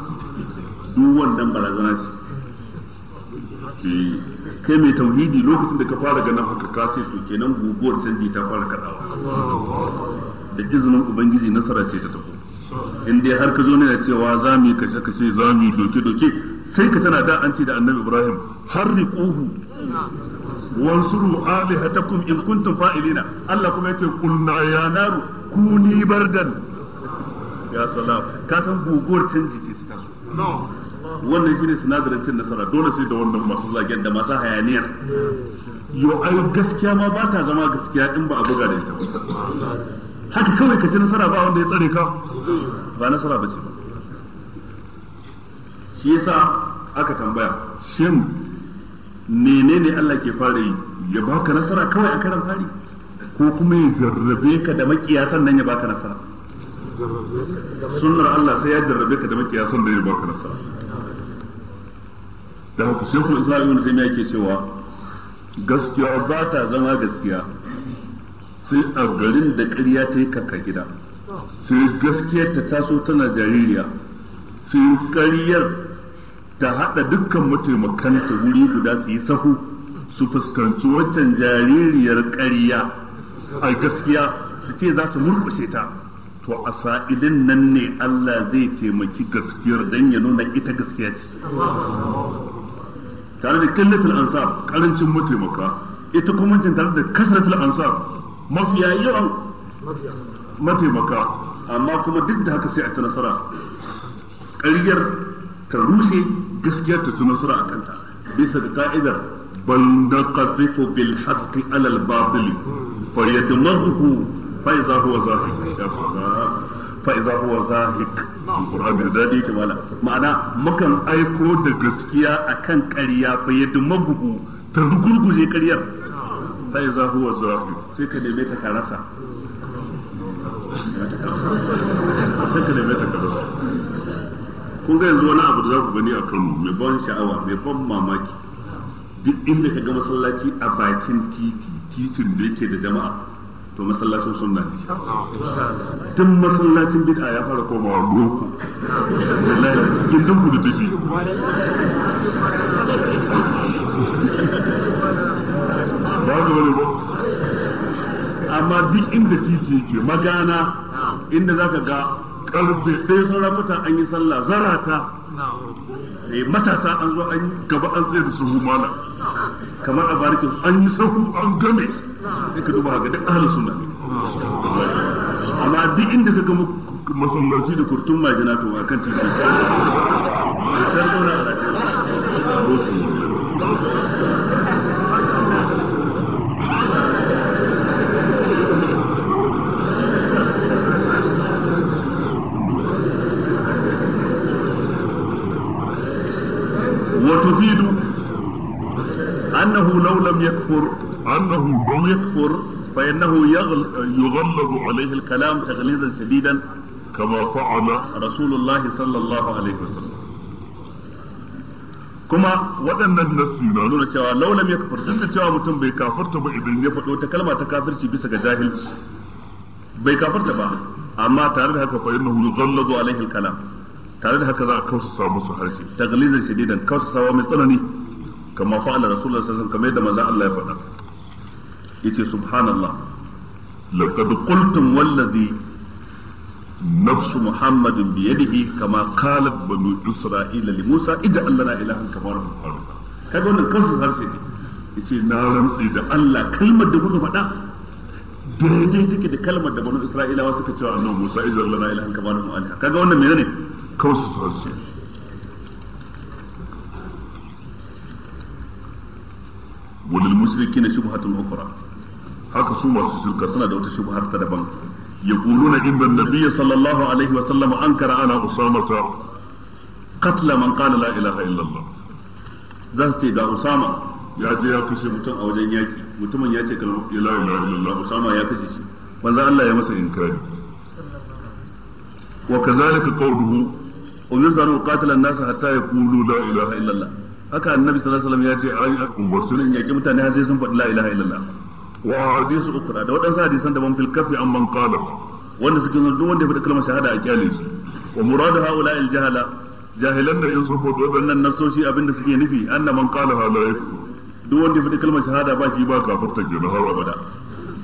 duk wannan barazana shi kai mai tauhidi lokacin da ka fara ganin haka ka sai su kenan guguwar canji ta fara kadawa da izinin ubangiji nasara ce ta tafi in dai har ka zo ne cewa za mu kashe kashe za mu doke doke sai ka tana da an ce da annabi ibrahim har riquhu wansuru alihatakum in kuntum fa'ilina Allah kuma yace qulna ya naru kuni bardan ya salam ka san guguwar canji ce ta taso wannan shine sinadarin cin nasara dole sai da wannan masu zagen da masu hayaniyar yo ai gaskiya ma ba ta zama gaskiya in ba a buga da ita ba haka kawai ka ci nasara ba wanda ya tsare ka ba nasara ba ce ba shi yasa aka tambaya shin menene Allah ke fara yi ya baka nasara kawai a karan fari ko kuma ya jarrabe ka da makiya sannan ya baka nasara sunnar Allah sai ya jarrabe ka da makiyasan da ya baka nasara da haka kuma islam ibn taymiya yake cewa gaskiya ba ta zama gaskiya sai a garin da ƙarya ta yi kaka gida sai gaskiyar ta taso tana jaririya sai ƙaryar ta haɗa dukkan mataimakanta wuri guda su yi sahu su fuskanci waccan jaririyar ƙarya a gaskiya su ce za su murƙushe ta to a sa'ilin nan ne Allah zai taimaki gaskiyar don ya nuna ita gaskiya ce tare da killatul ansar karancin mataimaka ita kuma tare da kasratul ansar mafiya yawan mataimaka amma kuma duk da haka sai a ci nasara ƙaryar ta rushe gaskiyar ta ci nasara a kanta bisa da ka'idar bal naqzifu bil haqqi ala al batil fa yadmaghu fa iza huwa zahiq ya fa iza hik zahiq qur'ani daɗi ke wala ma'ana mukan aiko da gaskiya kan ƙarya fa yadda magugu ta rugurguje ƙaryar fa iza huwa hik sai ka neme ta karasa sai ka neme ta karasa kun ga yanzu wani abu da za ku gani a kanu mai ban sha'awa mai ban mamaki duk inda ka ga masallaci a bakin titi titin da yake da jama'a to masallacin sunna ne tun masallacin bid'a ya fara komawa boko gindin ku da dubi ba ga wani ba amma duk inda titi ke magana inda za ka ga karfe ɗaya sun rafuta an yi sallah zarata eh, matasa an zo an gaba an tsaye da su mana kamar a barikin an yi sahu an game sai ka duba ga duk ahlus sunna amma duk inda ka ga masambarci da kurtun majina to akan titi أنه لو لم يكفر أنه لم يكفر فإنه يغل يغلب عليه الكلام تغليظا شديدا كما فعل رسول الله صلى الله عليه وسلم kuma waɗannan nasu na nuna cewa laulam ya kafar tun da cewa mutum bai kafarta ba idan ya faɗo ta kalma ta kafirci bisa ga jahilci bai kafarta ba amma tare da haka fa'in nahu zallazo alaihi kalam tare da haka za a kausa musu harshe taglizan shadidan kausa sawa mai tsanani kama fa'ala rasulullah sallallahu alaihi wasallam kamar yadda manzon Allah ya faɗa yace subhanallah laqad qultum wallazi muhammadin bi yadihi kama qala banu isra'ila li musa لنا allana ilahan لهم هارون kaga wannan kansu harshe ne yace na rantsi da Allah kalmar da muka faɗa daidai take da kalmar da banu isra'ilawa suka cewa annabi Musa ijar allana ilahan kama lahum kaga wannan menene kansu harshe walil mushrikina shubhatun ukhra haka su masu shirka suna da wata shubhar ta daban يقولون إن النبي صلى الله عليه وسلم أنكر على أسامة قتل من قال لا إله إلا الله ذاتي دا أسامة يا جي يا كشي متن أو جن ياكي متمن ياكي كلمة لا إله إلا الله أسامة يا كشي شي وذا الله يمس إنكاري وكذلك قوله ويزعل قاتل الناس حتى يقولوا لا إله إلا الله haka annabi sallallahu alaihi wasallam ya ce umarsu in yaki mutane har sai sun faɗi la ilaha illallah wa hadisu ukra da wadansu hadisan da ban fil kafi an man qala wanda suke zo duk wanda ya faɗi kalmar shahada a kyale shi wa muradu haula al jahala jahilan da in sun faɗi wadannan nasoshi abinda suke nufi anna man qala la yakfur duk wanda ya faɗi kalmar shahada ba shi ba kafirta kenan har abada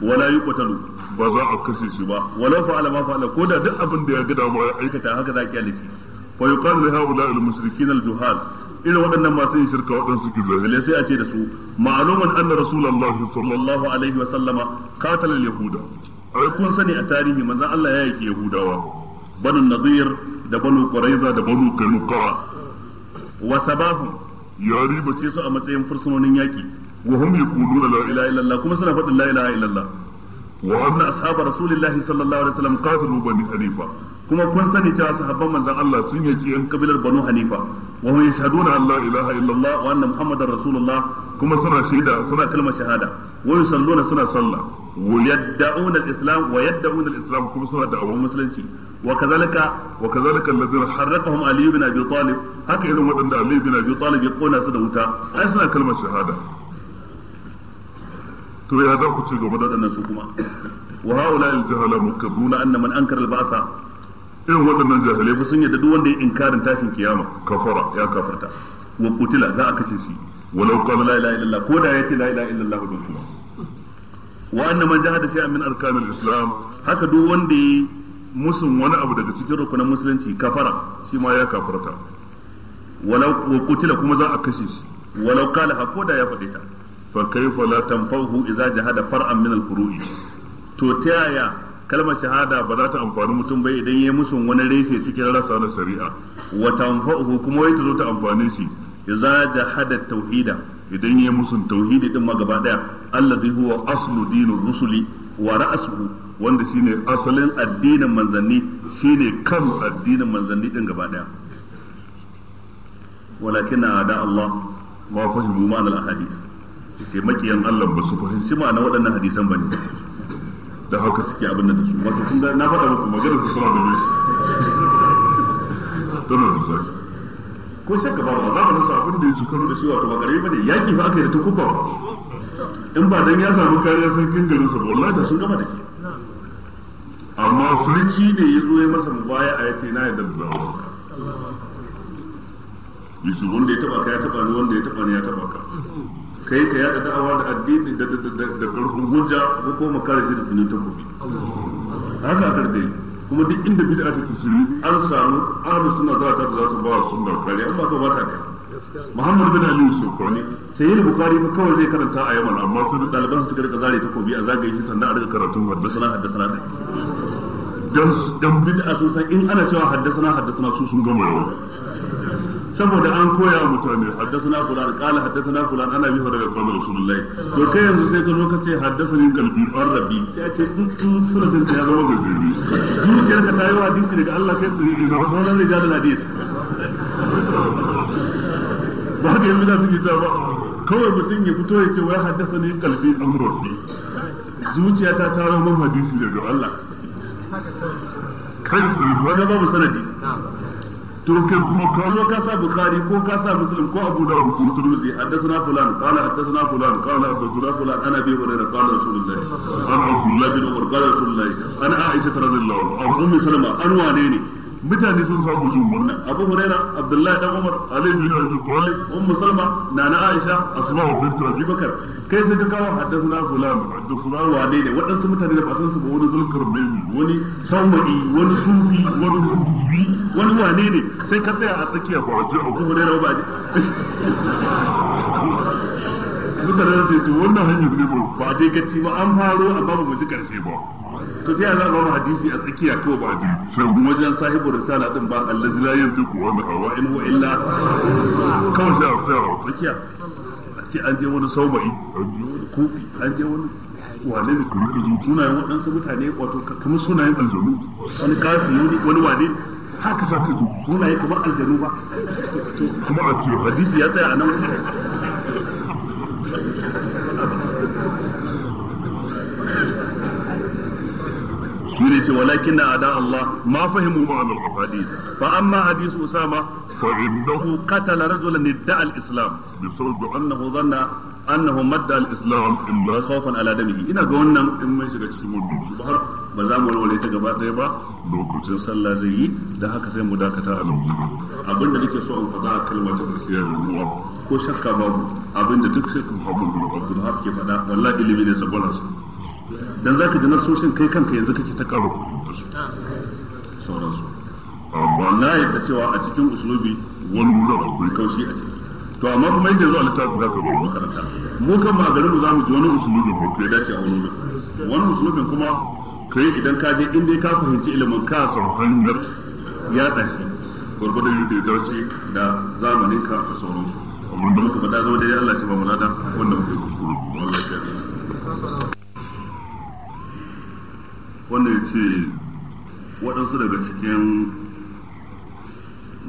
wala yuqtalu ba za a kashe shi ba walau fa'ala ma fa'ala ko duk abin ya ga dama ya aikata haka za a kyale shi fa yuqalu li haula al mushrikin al juhal irin waɗannan masu yin shirka waɗansu kizogale sai a ce da su ma'aluman anna rasulullah sallallahu alaihi wa sallama qatala yahuda ai kun sani a tarihi manzon Allah ya yake yahudawa banu nadir da banu quraiza da banu kanuqa wa sabahu ya ribace su a matsayin fursunonin yaki wa hum yaquluna la ilaha illallah kuma suna faɗin la ilaha illallah wa anna ashabu sallallahu alaihi kuma kun sani cewa sahabban manzon Allah sun yaki yan kabilar Banu Hanifa wa hum yashhaduna an la ilaha illallah wa anna muhammadar rasulullah kuma suna shaida suna kalmar shahada wa yusalluna suna sallah wa yad'una al-islam wa yad'una al-islam kuma suna da'awar musulunci wa kazalika wa kazalika alladhina harraqahum ali ibn abi talib haka irin wadanda ali ibn abi talib ya kona su da wuta ai suna kalmar shahada to ya za ku ci gaba da wadannan su kuma wa haula al-jahala mukabuna anna man ankara al-ba'tha irin waɗannan jahilai fa sun yadda duk wanda ya inkarin tashin kiyama kafara ya kafarta wa kutila za a kashe shi walau qala la ilaha illallah ko da yace la ilaha illallah don kuma wa anna man jahada shay'an min arkanil islam haka duk wanda ya musun wani abu daga cikin rukunin musulunci kafara shi ma ya kafarta walau wa kutila kuma za a kashe shi walau qala ha ko da ya faɗi ta fa kayfa la tanfahu idza jahada far'an min al-furu'i to ta yaya kalmar shahada ba za ta amfani mutum bai idan ya yi musun wani reshe cikin rasa na shari'a wa tanfa'uhu kuma wai ta zo ta amfane shi ya idza jahada tauhida idan ya yi musun tauhidi din ma gaba daya allazi huwa aslu dinur rusuli wa ra'suhu wanda shine asalin addinin manzanni shine kan addinin manzanni din gaba daya walakin ada Allah ma fahimu ma'anar ahadith ce makiyan Allah ba su fahimci ma'ana waɗannan hadisan bane da haka suke abin da su wato sun na faɗa muku magana su suna da shi don nan zai ko shakka ba a zamanin sa abin da su shekaru da shi wato ba karami bane yaki fa aka yi da tukufa in ba dan ya samu kariyar sarkin garin sa wallahi da sun gama da shi amma sarki ne ya zo ya masa mubaya a yace na yadda da zawo yusuf wanda ya taba ka ya taba ni wanda ya taba ni ya taba ka kai ka yada da'awa da addini da da karfin hujja ko kuma kare shi da sunan takobi haka aka dai kuma duk inda bid'a ta kusuri an samu ahlus sunna za ta za su ba su sunna kare amma ba ta da Muhammad bin Ali Sokoni sai yin Bukhari fa kawai zai karanta a Yaman amma su daliban su rika zare takobi a zagaye shi sannan a rika karatun haddasa haddasa dan dan bid'a sun san in ana cewa haddasa na haddasa su sun gama yawa saboda an koya wa mutane haddasana fulan qala haddasana fulan ana bihu daga qala rasulullahi to kai yanzu sai ka zo ka ce haddasani kalbi rabbi sai a ce in sunan ta ya zama gurbi zuciyar ka ta yi hadisi daga Allah kai tsiri da wannan rijalul hadis ba haka yanzu da suke ta ba kawai mutum ya fito ya ce wai haddasani kalbi an rabbi zuciya ta taro man hadisi daga Allah kai tsiri babu sanadi to kai kuma ka zo ka sa bukhari ko ka sa muslim ko abu dawud ko turuzi haddathana fulan qala haddathana fulan qala haddathana fulan ana bi hurairah qala rasulullahi an abdullah bin umar qala rasulullahi an aisha radhiyallahu anha ummu salama an wane ne mutane sun samu jin wannan abu huraira abdullahi dan umar ali bin abi talib ummu salma nana aisha asma'u bint abi bakar kai sai ka kawo haddathuna fulan haddathuna wane ne waɗansu mutane da ba san su ba wani zulkarnaini wani sawai wani sufi wani rubi wani wane ne sai ka tsaya a tsakiya ba a ji abu huraira ba a ji mutane su to wannan hanyar ne ba a je gaci ba an faro a babu mu ji karshe ba to ta za a ba hadisi a tsakiya ko ba bi shagun wajen sahibu risala din ba allazi la yantiqu wa ma huwa in huwa illa kawai sai a tsaya tsakiya a ce an je wani saumai kofi an je wani wane ne kuma da sunayen waɗansu mutane wato kamar sunayen aljanu wani kasi wani wane haka za ka zo sunaye kamar aljanu ba kuma a hadisi ya tsaya a nan shine ce walakin na ada Allah ma fahimu ma ma'anar hadis fa amma hadis usama fa innahu qatala rajulan idda'a al-islam bi sabab annahu dhanna annahu madda al-islam illa khawfan ala damihi ina ga wannan in mun shiga cikin wannan ba ba za mu walwale ta gaba ɗaya ba lokacin sallah zai yi da haka sai mu dakata a nan abinda nake so in faɗa a kalmar ta ƙarshe ya ko shakka babu abinda duk sai kun haɓu da Abdul Haq ke faɗa wallahi ilimi ne saboda su dan zaka ji nasoshin kai kanka yanzu kake ta karo sauransu amma na yadda cewa a cikin usulubi wani wurin akwai kaushi a ciki to amma kuma yadda zuwa littafi za ka bawa makaranta mu kan ma za mu ji wani usulubin ko kai dace a wani wurin wani usulubin kuma kai idan ka je inda ka fahimci ilimin ka sauran da ya tashi gurgurdan yadda ya dace da zamanin ka da sauransu amma da muka fada zama dai Allah shi ba mu lada wanda muke kuskure wanda ya ce waɗansu daga cikin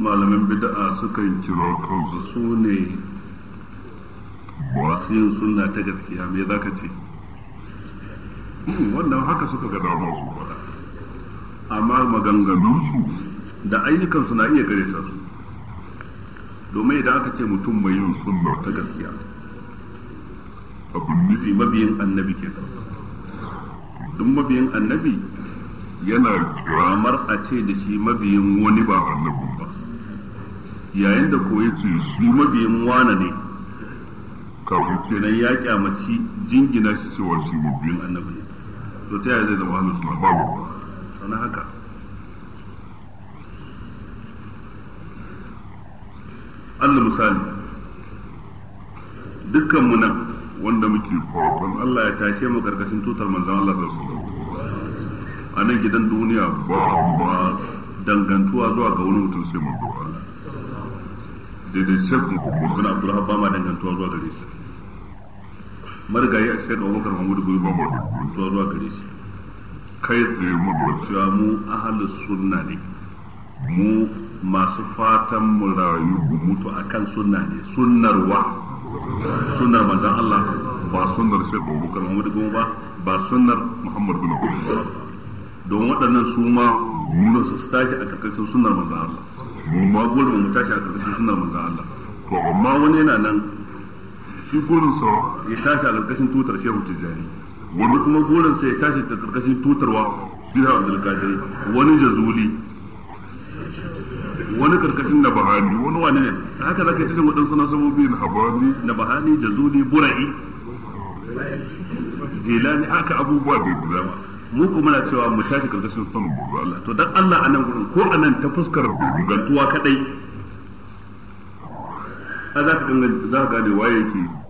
malamin bida'a sukan kira kansu su ne masu yin suna ta gaskiya me za ka ce wannan haka suka ga dama su faɗa amma su da ayyukansu na iya gareta su domin idan aka ce mutum mai yin suna ta gaskiya abin nufi mabiyin annabi ke sa duk mabiyin annabi yana ramar a ce da shi mabiyin wani ba annabi ba yayin da ko yace shi mabiyin wana ne kafin kenan ya kyamaci jingina shi cewa shi mabiyin annabi ne to ta yaya zai zama ahlus sunna babu sana haka Allah misali dukkan mu nan wanda muke fatan Allah ya tashe mu karkashin tutar manzon Allah sallallahu a nan gidan duniya ba ba dangantuwa zuwa ga wani mutum sai manzo Allah daidai shek mu bin Abdullah ba ma dangantuwa zuwa gare shi marigayi a shek Abubakar Mahmud gudu ba ma dangantuwa zuwa gare shi kai tsaye mu cewa mu ahlus sunna ne mu masu fatan mu rayu mu mutu akan sunna ne sunnar wa sunnar manzan Allah ba shi ba bukar wani Goma ba ba sunar Muhammad bin Abdullah don waɗannan su ma mun su tashi a karkashin sunar manzan Allah mu ma gurin mu tashi a karkashin sunar manzan Allah to amma wani yana nan shi gurin sa ya tashi a karkashin tutar Shehu tijani wani kuma gurin sa ya tashi a karkashin tutarwa Bihar Abdul wani jazuli wani karkashin na bahani wani wani ne haka zaka cikin waɗansu nasabobi na habani na bahani jazuli bura'i jilani haka abubuwa da dama mu kuma na cewa mu tashi karkashin sunan manzo Allah to dan Allah a nan gurin ko a nan ta fuskar gantuwa kadai a za ka gane waye yake